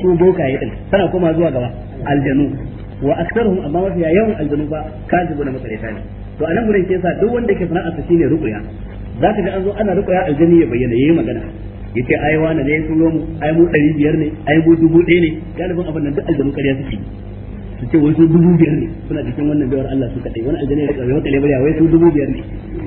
su bokaye din tana komawa zuwa ga aljanu wa aksarhum amma wasu ya yawan aljanu ba kazibu na makarita ne to a anan gurin ke sa duk wanda ke sana'a sa shine ruqya zaka ga an zo ana ruqya aljani ya bayyana ya yi magana yace ai wani ne ya mu ai mu biyar ne ai mu dubu 1000 ne galibin abin nan duk aljanu ƙarya suke su ce wai su dubu biyar ne suna cikin wannan biyar Allah su kaɗai wani aljani ya rika wata lebariya wai su dubu biyar ne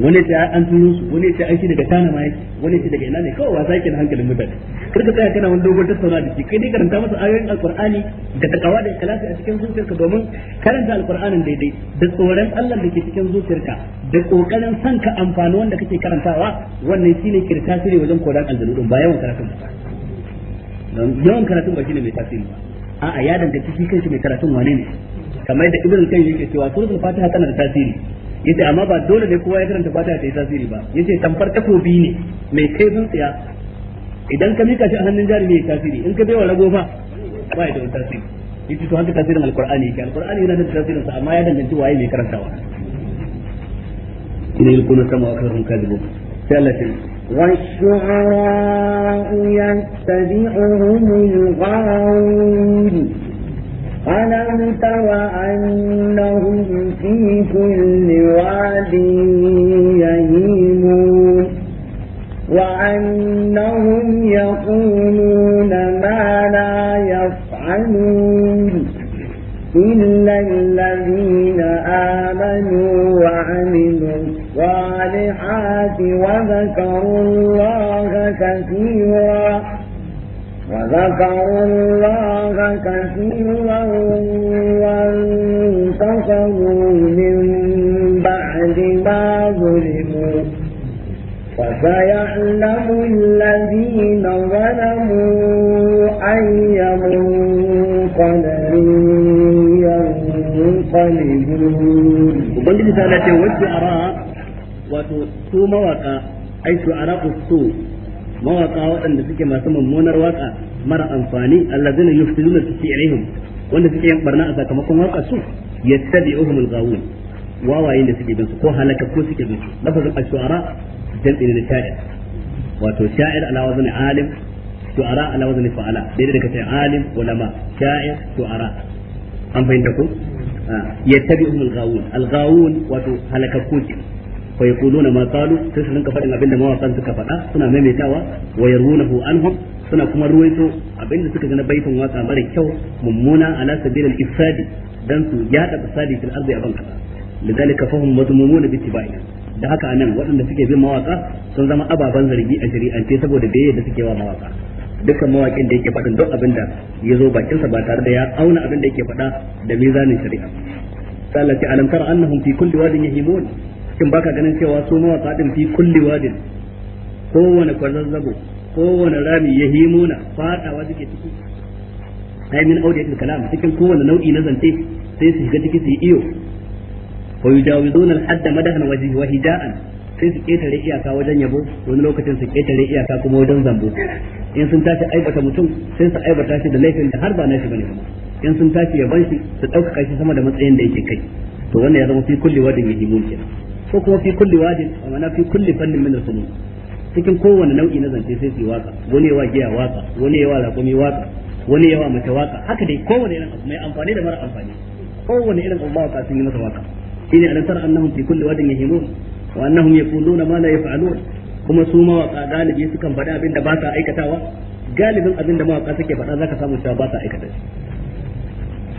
wani ce an turo su wani ce shi daga tana ma yake wani ce daga ina ne kawai wasa yake na hankalin mutane kar ka tsaya kana wani dogon tattauna da shi kai dai karanta masa ayoyin alkur'ani da takawa da ikhlasi a cikin zuciyarka domin karanta alkur'anin daidai da tsoron Allah da ke cikin zuciyarka da kokarin san ka amfani wanda kake karantawa wannan shine ke da tasiri wajen koran aljanu ba yawan karatun ba yawan karatun ba shine mai tasiri ba a'a ya danganci shi kanshi mai karatun wane ne kamar da ibrahim kan yake cewa suratul fatiha tana da tasiri yace amma ba dole ne kowa ya karanta ba ta yi tasiri ba yace tamfar takobi ne mai kai tsiya idan ka mika shi a hannun jari ne tasiri in ka baiwa rago fa ba ya da tasiri yace to haka tasirin alqur'ani yake alqur'ani yana da tasirin sa amma ya danganci waye mai karantawa ina yulkuna sama wa karhum kadibun sai Allah ya والشعراء يتبعهم الغاوون ألم تر أنهم في كل واد يهيمون وأنهم يقولون ما لا يفعلون إلا الذين آمنوا وعملوا الصالحات وذكروا الله كثيرا ذكروا الله كثيرا وانتصروا من بعد ما ظلموا فسيعلم الذين ظلموا أي منقلب ينقلبون وبنجد سألة والشعراء وتسو مواقع أي شعراء السوء mawaka waɗanda suke masu mummunar waka mara amfani allazina yufsiduna fi wanda suke yin barna a sakamakon waka su yattabi'uhum al-ghawun wawayen da suke bin ko halaka ko suke lafazin ash-shu'ara sha'ir wato sha'ir ala wazni alim shu'ara ala wazni fa'ala daidai da kace alim ulama sha'ir shu'ara an fahimta ko ah, yattabi'uhum al-ghawun al-ghawun wato halaka ko fa yaquluna ma qalu sai su rinka faɗin abinda suka faɗa suna maimaitawa wa yarwunahu anhum suna kuma ruwaito abinda suka ga na baitin waka mara kyau mummuna ala sabilil ifsadi dan su yada fasadi fil ardi aban kasa lidalika fahum madmumuna bi tibai da haka anan waɗanda suke bin mawaka sun zama ababan zargi a shari'ance saboda biyayya yadda suke wa mawaka dukkan mawakin da yake faɗin duk abin da ya zo bakinsa ba tare da ya auna abin da yake faɗa da mizanin shari'a sallallahu alaihi alam tara annahum fi kulli wadin yahimun kin baka ganin cewa su mawaka din fi kulli wadin kowane kwazazzabo kowane rami ya himuna fadawa suke ciki ai min audiyatul kalam cikin kowane nau'i na zance sai su shiga ciki su yi iyo wa yujawizuna al-hadda madahan wajhi wa hida'an sai su ketare iyaka wajen yabo wani lokacin su ketare iyaka kuma wajen zambo in sun tashi aibata mutum sai su aibata shi da laifin da har ba na shi bane in sun tashi yaban shi su ɗaukaka shi sama da matsayin da yake kai to wannan ya zama fi kulli wadin yahimun kenan ko kuma fi kulli wadin amma na fi kulli fannin min al sunnah cikin kowane nau'i na zance sai su waka wani yawa giya waka wani yawa rakumi waka wani yawa mace waka haka dai kowane irin abu mai amfani da mara amfani kowane irin abu ba sun yi masa waka shine alam tara annahum fi kulli wadin yahimun wa annahum yaquluna ma la yaf'alun kuma su mawaka galibi sukan faɗi abin da ba sa aikatawa galibin abin da mawaka suke faɗa zaka samu cewa ba sa aikata shi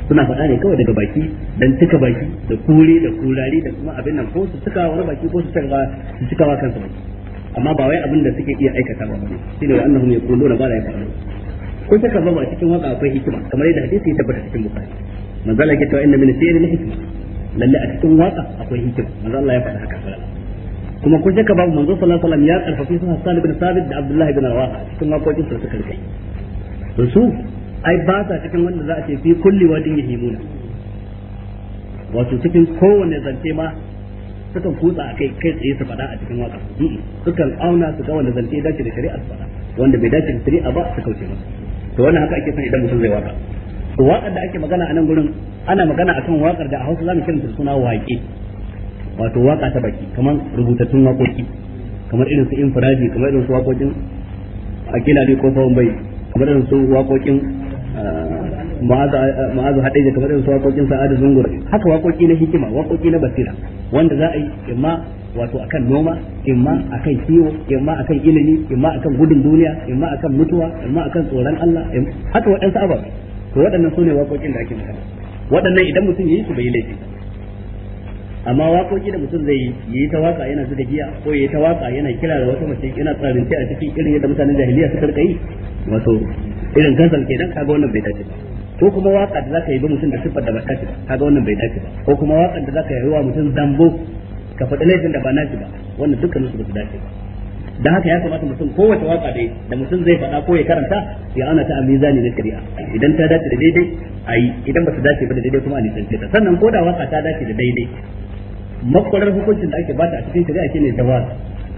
suna faɗa ne kawai daga baki dan tuka baki da kuri da kurari da kuma abin nan ko su tuka wani baki ko su tuka wa kansu baki amma ba wai abin da suke iya aikata ba bane shine wa annahum yaquluna ma la yafalun ko saka ba a cikin waka akwai hikima kamar yadda hadisi ya tabbata cikin bukhari manzo Allah ya ce inna min sirri la hikma lalle a cikin waka akwai hikima manzo Allah ya faɗa haka kuma ko saka babu manzo sallallahu alaihi wasallam ya karfafi su Hassan ibn Sabit da Abdullah ibn Rawaha cikin wakokin su suka kai to su ai ba sa cikin wanda za a ce fi kulli wadin yahimuna wato cikin kowane zance ma sukan kutsa akai kai tsaye su faɗa a cikin waka sukan auna su ga wanda zance dace da shari'a su faɗa wanda bai dace da shari'a ba su kauce masa to wannan haka ake son idan mutum zai waka to waƙar da ake magana a nan gurin ana magana akan waƙar da a Hausa zamu kiranta da suna waƙe wato waƙa ta baki kamar rubutattun waƙoƙi kamar irin su infiraji kamar irin su waƙoƙin akila ne ko fawon bai kamar irin su waƙoƙin ah, ma'azu eh, eh, haɗe da kamar irin waƙoƙin sa'adu zungur haka waƙoƙi na hikima waƙoƙi na basira wanda za a yi imma wato akan noma imma akan kiwo imma akan ilimi imma akan gudun duniya imma akan mutuwa imma akan tsoron Allah haka waɗansu ababe to waɗannan su ne waƙoƙin da ake magana waɗannan idan mutum ya yi su bai laifi amma waƙoƙi da mutum zai yi yi ta waka yana zuga giya ko yi ta waka yana kira da wata mace yana tsarin ta a cikin irin yadda mutanen jahiliya suka rika yi wato irin kansal kenan kaga wannan bai dace ba ko kuma waka da zaka yi ba mutum da siffar da ba ta ba kaga wannan bai dace ba ko kuma waƙa da zaka yi wa mutum zambo ka faɗi laifin da ba naci ba wannan dukkanin su ba su dace ba da haka ya kamata mutum kowace waka dai da mutum zai faɗa ko ya karanta ya ana ta mizani na shari'a idan ta dace da daidai ayi idan ba su dace ba da daidai kuma a nisance ta sannan ko da waka ta dace da daidai makwarar hukuncin da ake bata a cikin shari'a shine jawaz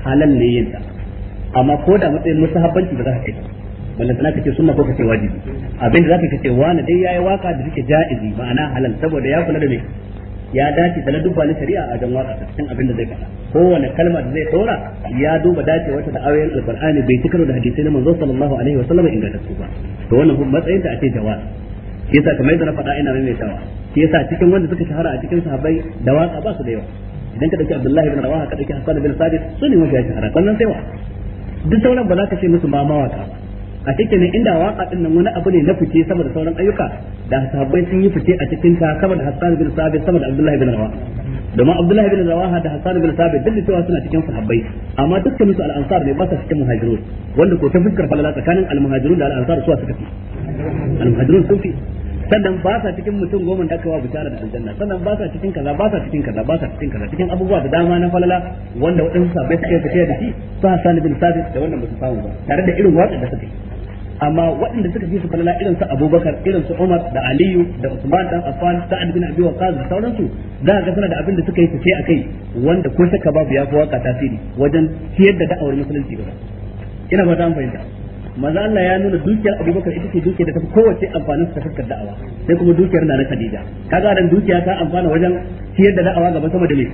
halal ne yin ta amma ko da matsayin musahabbanci ba za ka kai sana kace sunna ko kace wajibi abin da zaka kace wani dai yayi waka da take jaizi ma'ana halal saboda ya kula da me ya dace da dubba na shari'a a dan waka cikin abin da zai faɗa wani kalma da zai saura ya duba dace wata da ayoyin alqur'ani bai tikaro da hadisi na manzo sallallahu alaihi wasallam ingantattu ba to wannan kuma matsayin da ake jawab shi yasa kamar da na faɗa ina maimaitawa shi yasa cikin wanda suka shahara a cikin sahabbai da waka ba su da yawa idan ka dauki Abdullahi bin Rawaha ka dauki Hassan bin Sabit sunni mafi mafiya shahara sannan sai wa duk sauran ba za ka ce musu ma mawaka ba a cikin inda waka din nan wani abu ne na fice saboda sauran ayyuka da sahabbai sun yi fice a cikin ta saboda da Hassan bin Sabit saboda Abdullahi bin Rawaha domin Abdullahi bin Rawaha da Hassan bin Sabit duk da cewa suna cikin sahabbai amma dukkan su al-ansar ne ba su cikin muhajirun wanda ko ta fuskar falala tsakanin al-muhajirun da al-ansar su suka fi al-muhajirun sun fi sannan ba sa cikin mutum goma da aka wa bishara da aljanna sannan ba sa cikin kaza ba sa cikin kaza ba sa cikin kaza cikin abubuwa da dama na falala wanda waɗansu sabai suke fitar da shi su Hassan bin Sabit da wannan ba su samu ba tare da irin waƙa da suke amma waɗanda suka fi su falala irin su Abubakar irin su Umar da Aliyu da Usman dan Affan da bin Abi Waqqas da sauransu za ga suna da abin da suka yi a akai wanda ko shakka babu ya fi waka tasiri wajen ciyar da da'awar musulunci gaba ina fata an fahimta maza Allah ya nuna dukiyar Abubakar ita ce dukiyar da ta fi kowace amfanin ta fuskar da'awa sai kuma dukiyar na na Khadija kaga dan dukiya ta amfana wajen ciyar da da'awa gaba sama da me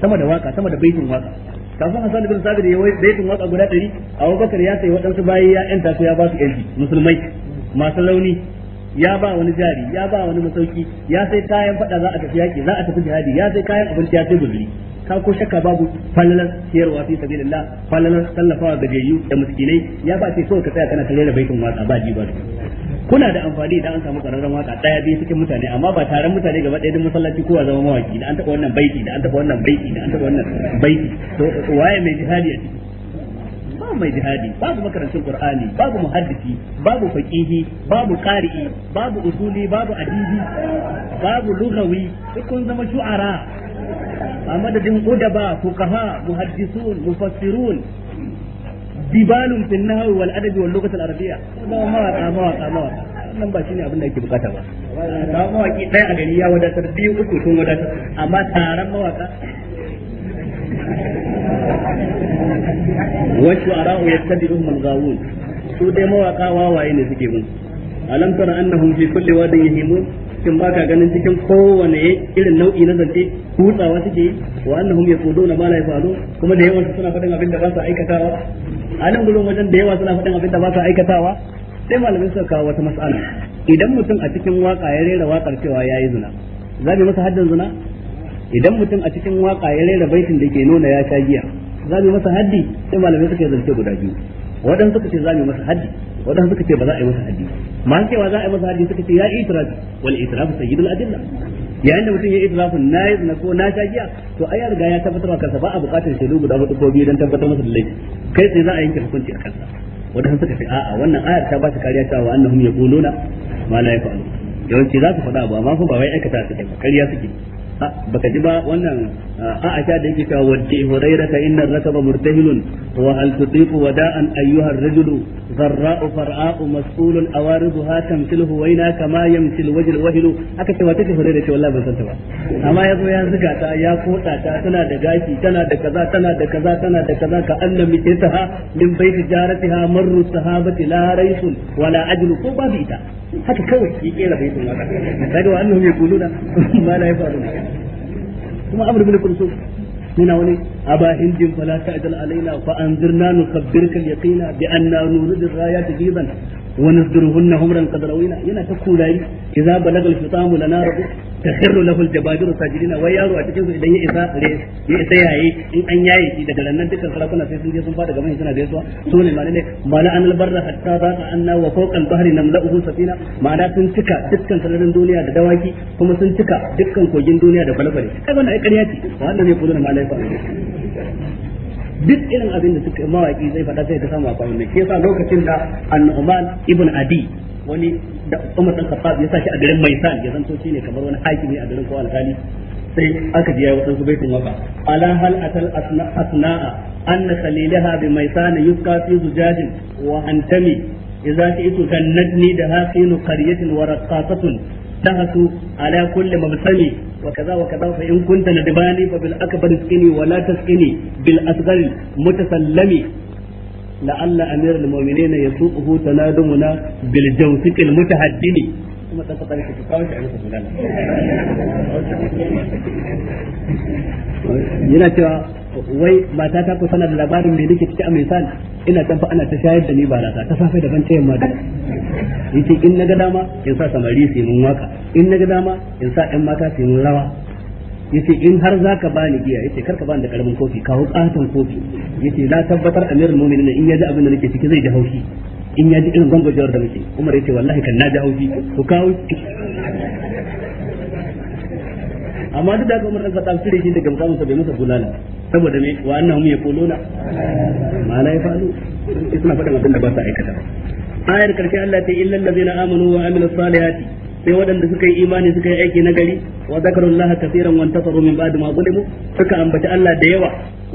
sama da waka sama da baitin waka kafin hasan bin sabir ya yi baitin waka guda 100 abubakar ya sayi waɗansu bayi ya yanta su ya ba su yanci musulmai masu launi ya ba wani jari ya ba wani masauki ya sai kayan fada za a tafi yaki za a tafi jihadi ya sai kayan abinci ya sai guzuri ka ko shakka babu fallalar siyarwa fi sabilillah fallalar tallafawa ga gayyu da miskinai ya ba ce so ka tsaya kana tare da baitin waka ba ji ba kuna da amfani idan an samu kararren waka daya biyu cikin mutane amma ba taron mutane gaba ɗaya din masallaci kowa zama mawaki da an taɓa wannan baiti da an taɓa wannan baiti da an taɓa wannan baiti to waye mai jihadi a ciki babu mai jihadi babu makarantun qur'ani babu muhaddisi babu faqihi babu qari'i babu usuli babu adibi babu lughawi kun zama shu'ara a madadin udaba fuqaha muhaddisun mufassirun dibalun fil nahwi wal adab wal lughati al arabiyya ba mawaka mawaka mawaka wannan ba shine abin da yake bukata ba ba mawaki dai a gari ya wadatar biyu uku sun wadatar amma taron mawaka wasu a ra'u ya yattabi'uhum al-ghawun su dai mawaka wawaye ne suke bin alam tara annahum fi kulli wadin yahimun shin ba ka ganin cikin kowane irin nau'i na zance hutsawa suke yi wa annahum yaquluna ma la yafalu kuma da yawan suna faɗin abin da ba su aikatawa a nan gurin wajen da yawa suna faɗin abin da ba su aikatawa sai malamin suka kawo wata mas'ala idan mutum a cikin waka ya rera wakar cewa yayi zina za mu masa haddin zina idan mutum a cikin waka ya rera baitin da ke nuna ya sha giya za mu masa haddi sai malamai suka zance guda biyu waɗansu suka ce za mu masa haddi waɗansu suka ce ba za a yi masa haddi ma cewa za a yi masa haddi suka ce ya itirafi wal itirafu sayyidul adilla yayin da mutum ya itirafin na yi zina ko na sha giya to ai riga ya tabbatar kansa ba a bukatar shaidu guda hudu ko biyu don tabbatar masa da laifi kai sai za a yanke hukunci a kansa waɗansu suka ce a'a wannan ayar ta ba ta kariya wa annahum yaquluna ma la yafalun yawanci za su faɗa ba ma fa ba wai aikata su kai ba kariya suke baka ji ba wannan a'asha da yake cewa wadda hurairata inna rakaba murtahilun wa hal tudiqu wada'an ayyuha ar-rajulu dharra'u far'a'u mas'ulun awariduha tamtilu huwaina kama yamtil wajh wahilu aka ce wata ce hurairata ce wallahi ban san ta ba amma yazo ya zuga ta ya koda ta tana da gashi tana da kaza tana da kaza tana da kaza ka annami taha min baiti jaratiha marru sahabati la raisun wala ajlu ko babu ita haka kawai ya kera baitin waka kaga wa annahum yaquluna ma la yafalu kuma amr bin kulsum wa wani أبا هند فلا تعجل علينا فأنذرنا نخبرك اليقين بأننا نولد الرايات جيبا ونصدرهن همرا قد روينا ينا تقول إذا بلغ الفطام لنا رب تخر له الجبابر ساجدين ويارو أتكين إذا يئسا يئسا يأي إن أن يأي إذا قلنا أنت كالخلاقنا في سنجي صنفات كما يسنا بيسوا سولي ما لنك ما لأن البر حتى ضاق أنا وفوق البحر نملأه سفينة ما لا تنتكا دكا سلرن دنيا دواكي ثم سنتكا دكا كوجين دنيا دفلفلي كذا أنا إكرياتي وأنا يقولون ما لا يفعل duk irin abin da suka mawaki zai faɗa sai ka samu akwai wannan shi yasa lokacin da annuman ibn adi wani da umar dan khattab ya sa shi a garin maisan ya zanto shi ne kamar wani hakimi a garin ko alkali sai aka ji ya wasan su baitin waka ala hal atal asna'a anna khalilaha bi maisan yuska fi zujajin wa antami idza shi'tu nadni da hakinu qaryatin wa raqqasatun تهسوا على كل مبسمي وكذا وكذا فإن كنت ندباني فبالأكبر اسقني ولا تسقني بالأصغر متسلمي لعل أمير المؤمنين يسوقه تنادمنا بالجوسك المتهدني ثم تنتقل في تقاوش على سبحانه yana cewa wai mata ta kusa da labarin mai nake cikin a mai san ina tafi ana ta shayar da ni ba barasa ta safai daban ta yamma da yace in na naga dama in sa samari su mun waka in na naga dama in sa ɗan mata su mun rawa yace in har za ka ba ni giya yace karka bani da karamin kofi kawo katon kofi yace na tabbatar amirul mu'minin in yaji abin da nake ciki zai ji haushi in yaji irin gwangwajewar da muke umar yace wallahi kan na ji haushi to kawo amma duk da haka Umar dan Khattab sire shi daga mukamin sa bai masa bulala saboda me wa annahum yaquluna ma la yafalu suna faɗin abin da ba sa aikata ayar karshe Allah ta illal ladina amanu wa amilus salihati sai waɗanda suka yi imani suka yi aiki na gari wa zakarullaha kaseeran wa intasaru min ba'di ma zulimu suka ambaci Allah da yawa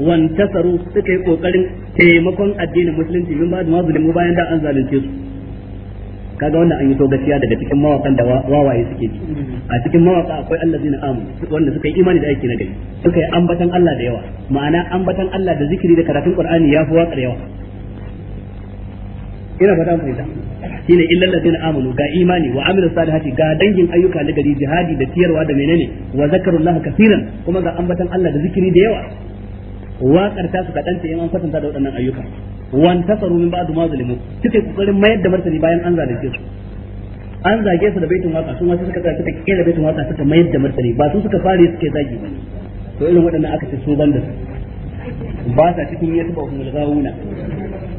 wa intasaru suka yi kokarin taimakon addinin musulunci min ba'di ma zulimu bayan da an zalunce su kaga wannan an yi to gaskiya daga cikin mawakan da wawaye suke ji a cikin mawaka akwai allazina amu wanda suka yi imani da aiki na gari suka yi ambatan Allah da yawa ma'ana ambatan Allah da zikiri da karatun Qur'ani ya fi waƙar yawa ina fata fahimta shine illal ladina amanu ga imani wa amilu salihati ga dangin ayyuka na gari jihadi da tiyarwa da menene wa zakarullaha kaseeran kuma ga ambatan Allah da zikiri da yawa waƙar ta su kaɗan ta an kwatanta da waɗannan ayyuka wan tasaru min ba'd ma zulimu suke kokarin mayar da martani bayan an zalunce su an zage su da baitin waka sun wasu suka tsaya suka kera baitin waka suka mayar da martani ba su suka fare suke zagi ba to irin waɗannan aka ce su banda su ba sa cikin ya ba kuma gawuna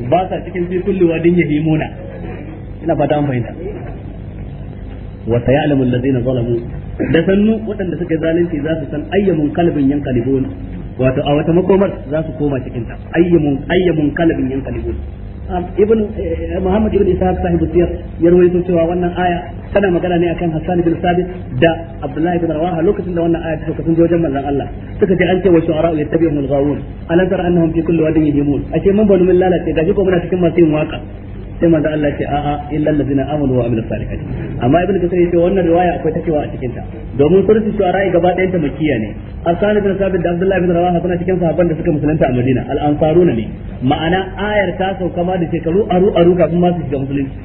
ba sa cikin fi kulli wadin yahimuna ina fata an fahimta wa sayalamu allazina zalamu da sannu waɗanda suka zalunce za su san ayyamun kalbin yan kalibun wato a wata makomar za su koma cikin ta ayyamun ayyamun kalabin yan kalibun ah, ibn eh, muhammad ibn isa sahibu siyar ya rawaito cewa wannan aya tana magana ne akan hasan bin sabit da abdullahi bin rawaha lokacin da wannan aya ta sauka sun je wajen manzon Allah suka ce an ce wa shu'ara yattabi'u al-ghawun alantar tara annahum fi kulli wadin yamun ashe mun banu min lalace gashi ko muna cikin masu yin waka sai manzo Allah ce a'a illa allazina amanu wa amilus salihat amma ibnu kasir ce wannan riwaya akwai ta cewa a cikin ta domin suratul shu'ara gaba ɗayan ta makkiya ne asali bin sabit da abdullahi bin rawaha suna cikin sahabban da suka musulunta a madina al ansaruna ne ma'ana ayar ta sauka ma da shekaru aru aru kafin ma su shiga musulunci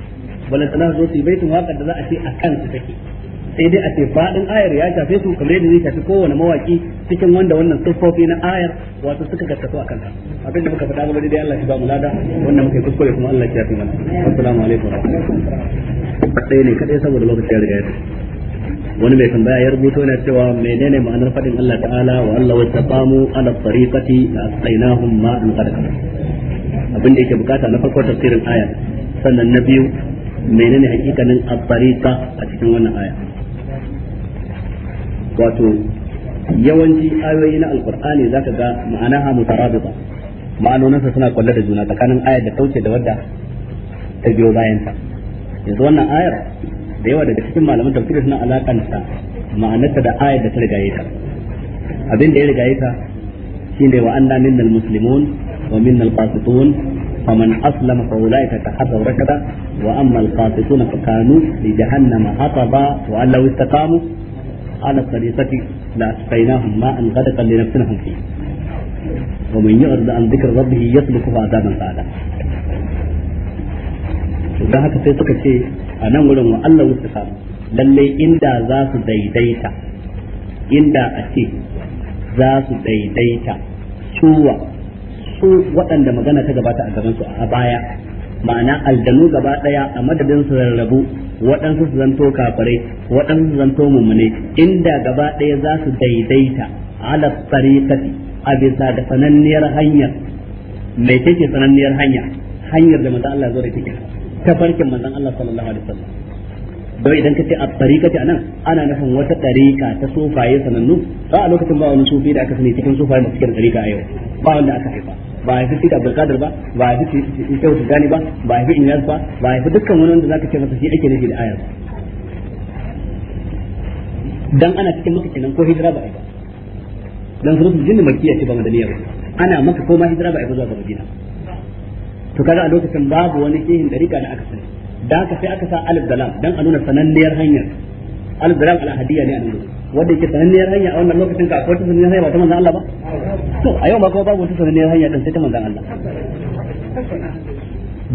balantana zo su yi baitin waƙar da za a ce a su take sai dai a ce faɗin ayar ya shafe su kamar yadda zai shafi kowane mawaki cikin wanda wannan siffofi na ayar wato suka su a kanta abin da muka faɗa gaba dai Allah shi ba mu lada wannan muke kuskure kuma Allah ya fi mana assalamu alaikum wa rahmatullahi ne kadai saboda lokacin ya riga ya wani mai tambaya ya rubuto yana cewa menene ma'anar fadin Allah ta'ala wa Allah wa taqamu ala tariqati la asqainahum ma'an qadaka abin da yake bukata na farko tafsirin aya sannan na biyu menene hakikanin at a cikin wannan aya wato yawanci ayoyi na za ka ga ma'anaha mutarabita ma'anonansa suna kwalle da juna tsakanin ayar da kauce da wadda ta biyo bayan yanzu wannan ayar da yawa daga cikin malaman tafsir suna alakanta ma'anarta da ayar da ta yi ta abin da ya yi ta shine wa anna minnal muslimun wa minnal qasitun faman aslama fa ulaika tahasaw rakada wa amma al qasitun fa kanu li jahannama hataba wa على الطريقة لأسقيناهم ماء غدقا لنفسهم فيه ومن يعرض عن ذكر ربه عذابا don haka sai suka ce a nan wurin wa Allah lallai inda za su daidaita inda a ce za su daidaita suwa su waɗanda magana ta gabata a gabansu a baya ma'ana aljanu gaba daya a madadin su rarrabu waɗansu su zanto kafirai waɗansu su zanto mumune inda gaba daya za su daidaita ala tariqati a bisa da sananniyar hanyar mai take sananniyar hanya hanyar da manzon Allah zo da take ta farkin manzon Allah sallallahu alaihi wasallam don idan ka ce a tariqati anan ana nufin wata tariqa ta sufaye sanannu ba a lokacin ba wani sufi da aka sani cikin sufaye masu kiran tariqa a yau ba wanda aka haifa ba haifi Sidi Abdul Qadir ba ba haifi Shehu Tijani ba ba haifi Inyas ba ba haifi dukkan wani wanda zaka ce masa shi ake nufi da ayar dan ana cikin maka kenan ko hijira ba yi ba dan jin jinni makkiya ce ba madaniya ba ana maka ko ma hijira ba ai ba zuwa ga Madina to kaga a lokacin babu wani shehin dariƙa na aka sani da haka sai aka sa alif da lam dan a nuna sananniyar hanyar al-ziram al-hadiyya ne a nan wanda yake sananniyar hanya a wannan lokacin ka akwai sananniyar hanya ba ta manzon Allah ba to a yau ba kuma babu wata sananniyar hanya din sai ta manzon Allah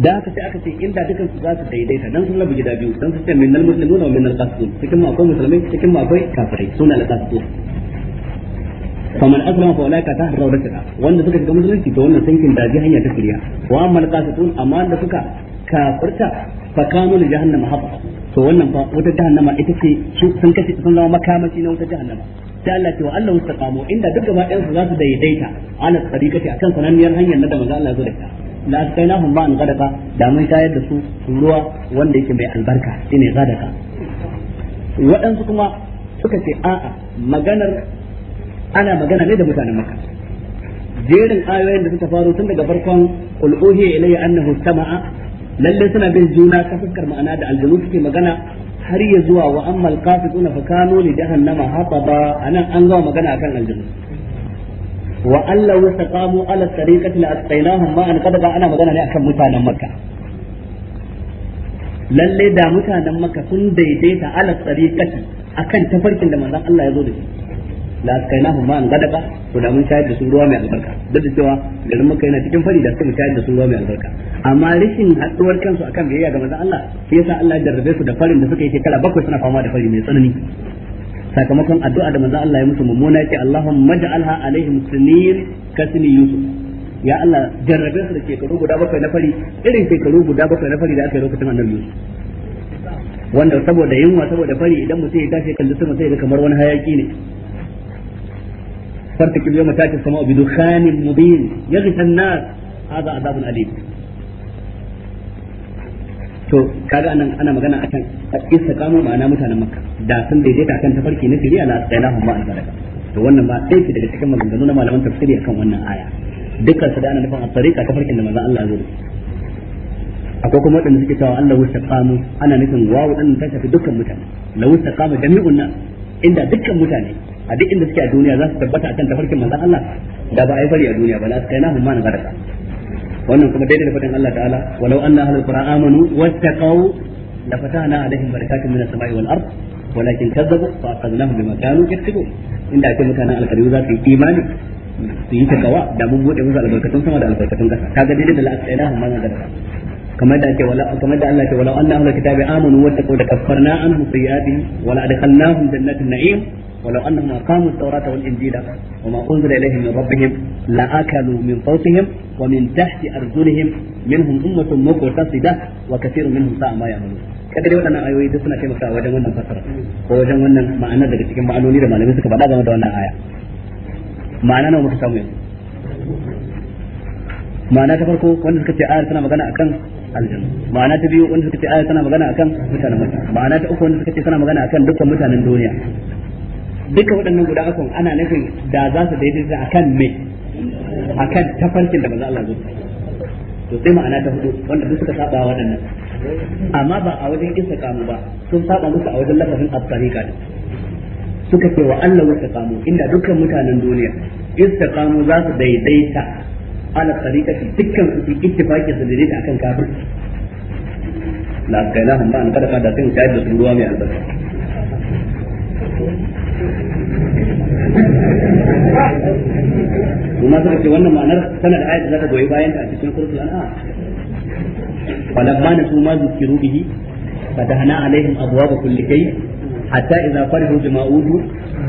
da haka ce aka ce inda dukan su za su daidaita dan sun rabu gida biyu dan su ce minnal muslimun wa minnal qasitun cikin ma akwai musulmai cikin ma akwai kafirai suna da qasitun faman aslama fa ulaka tahrawu rasada wanda suka shiga musulunci to wannan sankin da bi hanya ta kuriya wa amma da suka kafirta fa kanu li jahannama hafa to wannan fa wata jahannama ita ce sun kace sun zama makamaci na wata jahannama sai Allah ce wa Allah istaqamu inda duk gaba ɗayan su za su daidaita ala tariqati akan sananniyar hanyar na da manzo Allah ya zo da ita la askainahum ba'an gadaka da mun shayar da su ruwa wanda yake mai albarka shine gadaka waɗansu kuma suka ce a'a maganar ana magana ne da mutanen maka jerin ayoyin da suka faru tun daga farkon qul uhiya ilayya annahu sama'a Lallai suna bin juna ta fuskar ma'ana da aljanu suke magana har ya zuwa wa ammal qafituna fa kanu li jahannama hataba anan an gama magana akan aljanu wa alla wasaqamu ala tariqati la asqainahum ma an qadaba ana magana ne akan mutanen makka Lallai da mutanen makka sun daidaita ala tariqati akan tafarkin da manzon Allah ya zo da shi kai askainahu ma'an ba to da mun shayar da su ruwa mai albarka duk da cewa mun kai na cikin fari da mu shayar da su ruwa mai albarka amma rashin haɗuwar kansu akan biyayya ga manzon Allah shi yasa Allah ya jarrabe su da farin da suka yi kala bakwai suna fama da fari mai tsanani sakamakon addu'a da manzon Allah ya musu mummuna ce Allahumma ja'alha alaihim sinin kasni yusuf ya Allah jarrabe su da shekaru guda bakwai na fari irin shekaru guda bakwai na fari da aka yi lokacin annabi Yusuf wanda saboda yunwa saboda fari idan mutum ya tashi kan dutse sai ga kamar wani hayaki ne ترتك اليوم تاتي السماء بدخان مبين يغشى الناس هذا عذاب أليم to kaga anan ana magana akan istiqamu ma'ana mutanen makka da sun daidaita akan tafarki na shari'a la tsayalahu ma albaraka to wannan ba ɗaya daga cikin maganganu na malaman tafsiri akan wannan aya dukkan su da ana nufin a tsarika tafarkin da manzon Allah ya zo akwai kuma waɗanda suke cewa Allah wusta kamu ana nufin wawu ɗan ta shafi dukkan mutane la wusta kamu jami'un nan inda dukkan mutane a duk inda suke a duniya za su tabbata akan tafarkin manzon Allah da ba a yi fari a duniya ba la na ma nagarata wannan kuma daidai da fadin Allah ta'ala walau anna ahlul qura amanu wattaqau la fatahna alaihim barakatun minas samai wal ard walakin kazzabu fa akhadnahum bima kanu yaktubun inda ake mutanen alkariyu za su yi imani su yi takawa da mun bude musu albarkatun sama da albarkatun kasa kaga daidai da la askainahum ma nagarata kamar da ake wala kamar da Allah ke wala anna ahlul kitabi amanu wa taqaw da kaffarna anhum sayyi'atihim wa la adkhalnahum jannatin na'im ولو أنهم أقاموا التوراة والإنجيل وما أنزل إليهم من ربهم لأكلوا من فوقهم ومن تحت أرجلهم منهم أمة مقتصدة وكثير منهم ساء ما يعملون kada dai waɗannan ayoyi duk suna taimakawa wajen wannan fasara ko wajen wannan ma'anar daga cikin ma'anoni da malamai suka faɗa game da wannan aya ma'ana nawa muka samu yanzu ma'ana ta farko wanda suka ce ayar tana magana akan aljanna ma'ana ta biyu wanda suka ce aya tana magana akan mutanen mata ma'ana ta uku wanda suka ce tana magana akan dukkan mutanen duniya duka waɗannan guda uku ana nufin da za su daidaita akan me akan tafarkin da manzo Allah ya to sai ma'ana ta hudu wanda duk suka saba waɗannan amma ba a wajen kisa kamu ba sun saba musu a wajen lafazin abtarika suka ce wa Allah wasta kamu inda dukkan mutanen duniya istiqamu za su daidaita ala tariqati dukkan su ittifaqi su dare ta akan kafirci la kainahum ba an kada kada sun shayar da su ruwa mai albarka kuma suka ce wannan ma'anar sanar ayat da zaka goyi bayan ta a cikin suratul an'am falamma nasu ma zukiru bihi fatahna alaihim abwaaba kulli shay'in حتى إذا فرحوا بما utu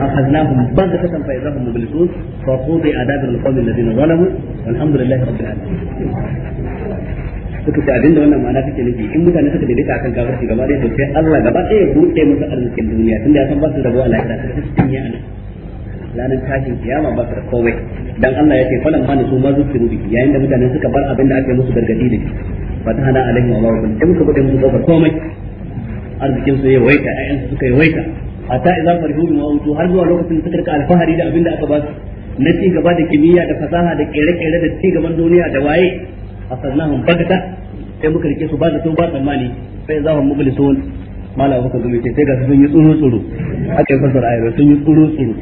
أخذناهم baghtatan fa idza مبلسون فقوضي fa qudi الذين ظلموا والحمد لله رب العالمين alamin suka ce abinda wannan ma'ana take nufi in mutane suka daidaita akan kafirci gaba ɗaya to sai Allah gaba ɗaya ya buɗe musu arzikin duniya tunda ya san ba su da a lahira sai su cinye a ranar tashin kiyama ba su da komai dan Allah ya ce falan ma ne su ma zuci rubi yayin da mutane suka bar abin da ake musu gargadi da shi fatahana alaihi wa rabbil da muka buɗe musu kofar komai arzikin su ya waita ayan su suka yi waita hatta idza farihu bima utu har zuwa lokacin da suka rika alfahari da abinda aka ba su na ci gaba da kimiyya da fasaha da kere-kere da ci gaban duniya da waye a asannahum bagata sai muka rike su ba da ba tsammani sai za mu mublisun malam kuka gumi sai ga sun yi tsuru tsuru aka yi fasara ayar sun yi tsuru tsuru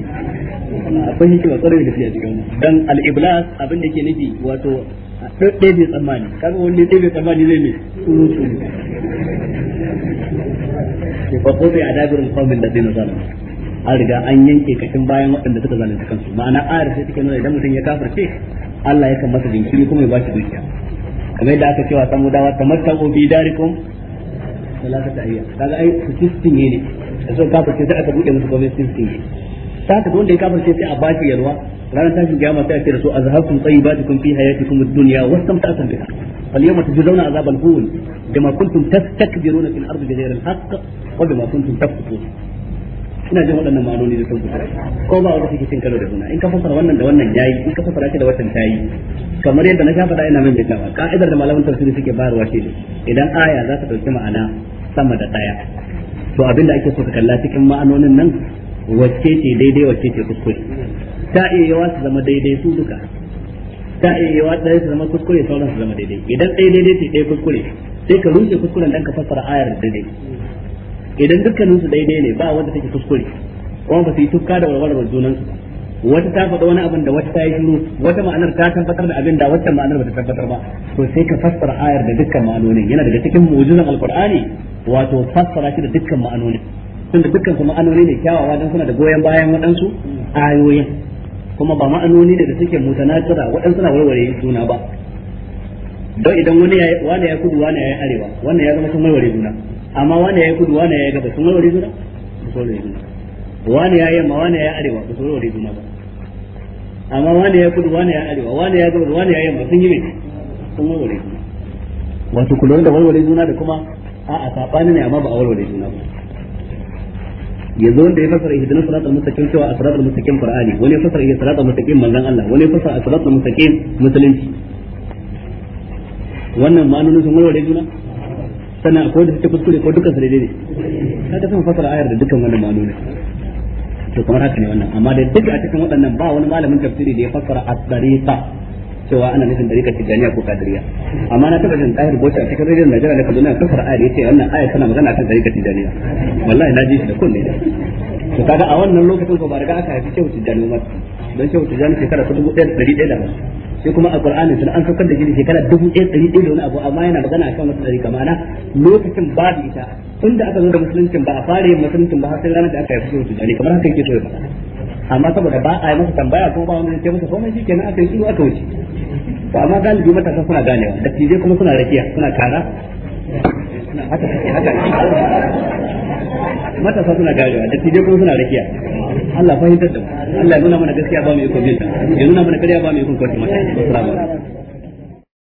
akwai hikima kwarai da fiye cikin dan al-iblas abin da ke nufi wato ɗaya bai tsammani kaga wanda ɗaya bai tsammani zai ne tsuru tsuru ce fa qudi adabirul qawmin ladina zalamu an riga an yanke kashin bayan waɗanda suka zalunta kansu ma'ana ayar sai take nuna idan mutum ya kafirce Allah ya masa jinkiri kuma ya ba shi dukiya kamar yadda aka cewa ta tamattau bi darikum salatata ayya kaga ai su 16 ne da so kafirce sai aka buɗe musu gobe 16 ta haka wanda ya kafirce sai a baki yalwa ranar tashin kiyama sai a ce da su azhabtum tayyibatikum fi hayatikum ad-dunya wastamta'tum biha فاليوم تجزون عذاب الهون بما كنتم تستكبرون في الارض بغير الحق وبما كنتم تفسقون ina jin waɗannan ma'anoni da sun fita ko ba wanda suke cin karo da suna in ka fasara wannan da wannan yayi in ka fasara shi da wannan tayi kamar yadda na sha faɗa ina min bitawa ka'idar da malaman tafsiri suke bayarwa shi ne idan aya za ta ɗauki ma'ana sama da ɗaya to abinda ake so ka kalla cikin ma'anonin nan wacce ce daidai wacce ce kuskure ta iya yawa su zama daidai su duka ta iya yawa ɗaya su zama kuskure sauran su zama daidai idan ɗaya daidai ce ɗaya kuskure sai ka rushe kuskuren dan ka fassara ayar daidai idan dukkanin su daidai ne ba wanda take kuskure kuma ba su yi tukka da warwarwar junan su wata ta faɗa wani abin da wata ta yi shiru wata ma'anar ta tabbatar da abin da wata ma'anar ba ta tabbatar ba to sai ka fassara ayar da dukkan ma'anonin yana daga cikin mu'jizan alqur'ani wato fassara shi da dukkan ma'anonin tunda dukkan su ma'anoni ne kyawawa don suna da goyon bayan waɗansu ayoyin kuma ba ma'anoni ne da suke mutanatura waɗansu na warware juna ba don idan wani ya wani ya kudu wani ya yi arewa wannan ya zama sun warware juna amma wani ya yi kudu wani ya yi gaba sun warware juna ba su warware juna wani ya yi yamma wani ya arewa ba su warware juna ba amma wani ya kudu wani ya arewa wani ya gaba wani ya yi yamma sun yi mai sun warware juna wato kullum da warware juna da kuma a'a saɓani ne amma ba a warware juna ba yanzu wanda ya fasara ihdina salatul mustaqim cewa asratul mustaqim qur'ani wani fasara ihdina salatul mustaqim manzon Allah wani fasara asratul mustaqim musulunci wannan ma'anonin sun warware juna sana ko da take kuskure ko dukkan su daidai ne kaga san fasara ayar da dukkan wannan ma'anonin to kamar haka ne wannan amma da duk a cikin waɗannan ba wani malamin tafsiri da ya fasara as cewa ana nufin dariƙa tijaniya ko kadiriya amma na taba jin tsahir bota a cikin rediyon Najeriya da Kaduna ayar ya ce wannan ayar tana magana kan dariƙa tijaniya wallahi na ji shi da kunne to kaga a wannan lokacin ko ba riga aka haifi cewa tijaniya ba don cewa tijaniya shekara 1150 sai kuma a Qur'ani sun an saukar da shi shekara dubu ɗaya ɗari ɗaya da wani abu amma yana magana akan wasu ɗari kamana lokacin babu ita tunda aka zo da musuluncin ba a fara yin musuluncin ba har sai ranar da aka yi fito da kamar haka yake so ya faɗa amma saboda ba a yi masa tambaya kuma ba wani zai ce masa komai shi kenan aka yi shi aka wuce to amma galibi matasa suna ganewa da tije kuma suna rakiya suna kara haka haka matasa suna ganewa da tije kuma suna rakiya Allah fahimtar da Allah ya nuna mana gaskiya ba mu yi ko ya nuna mana karya ba mu yi ko kwatanta assalamu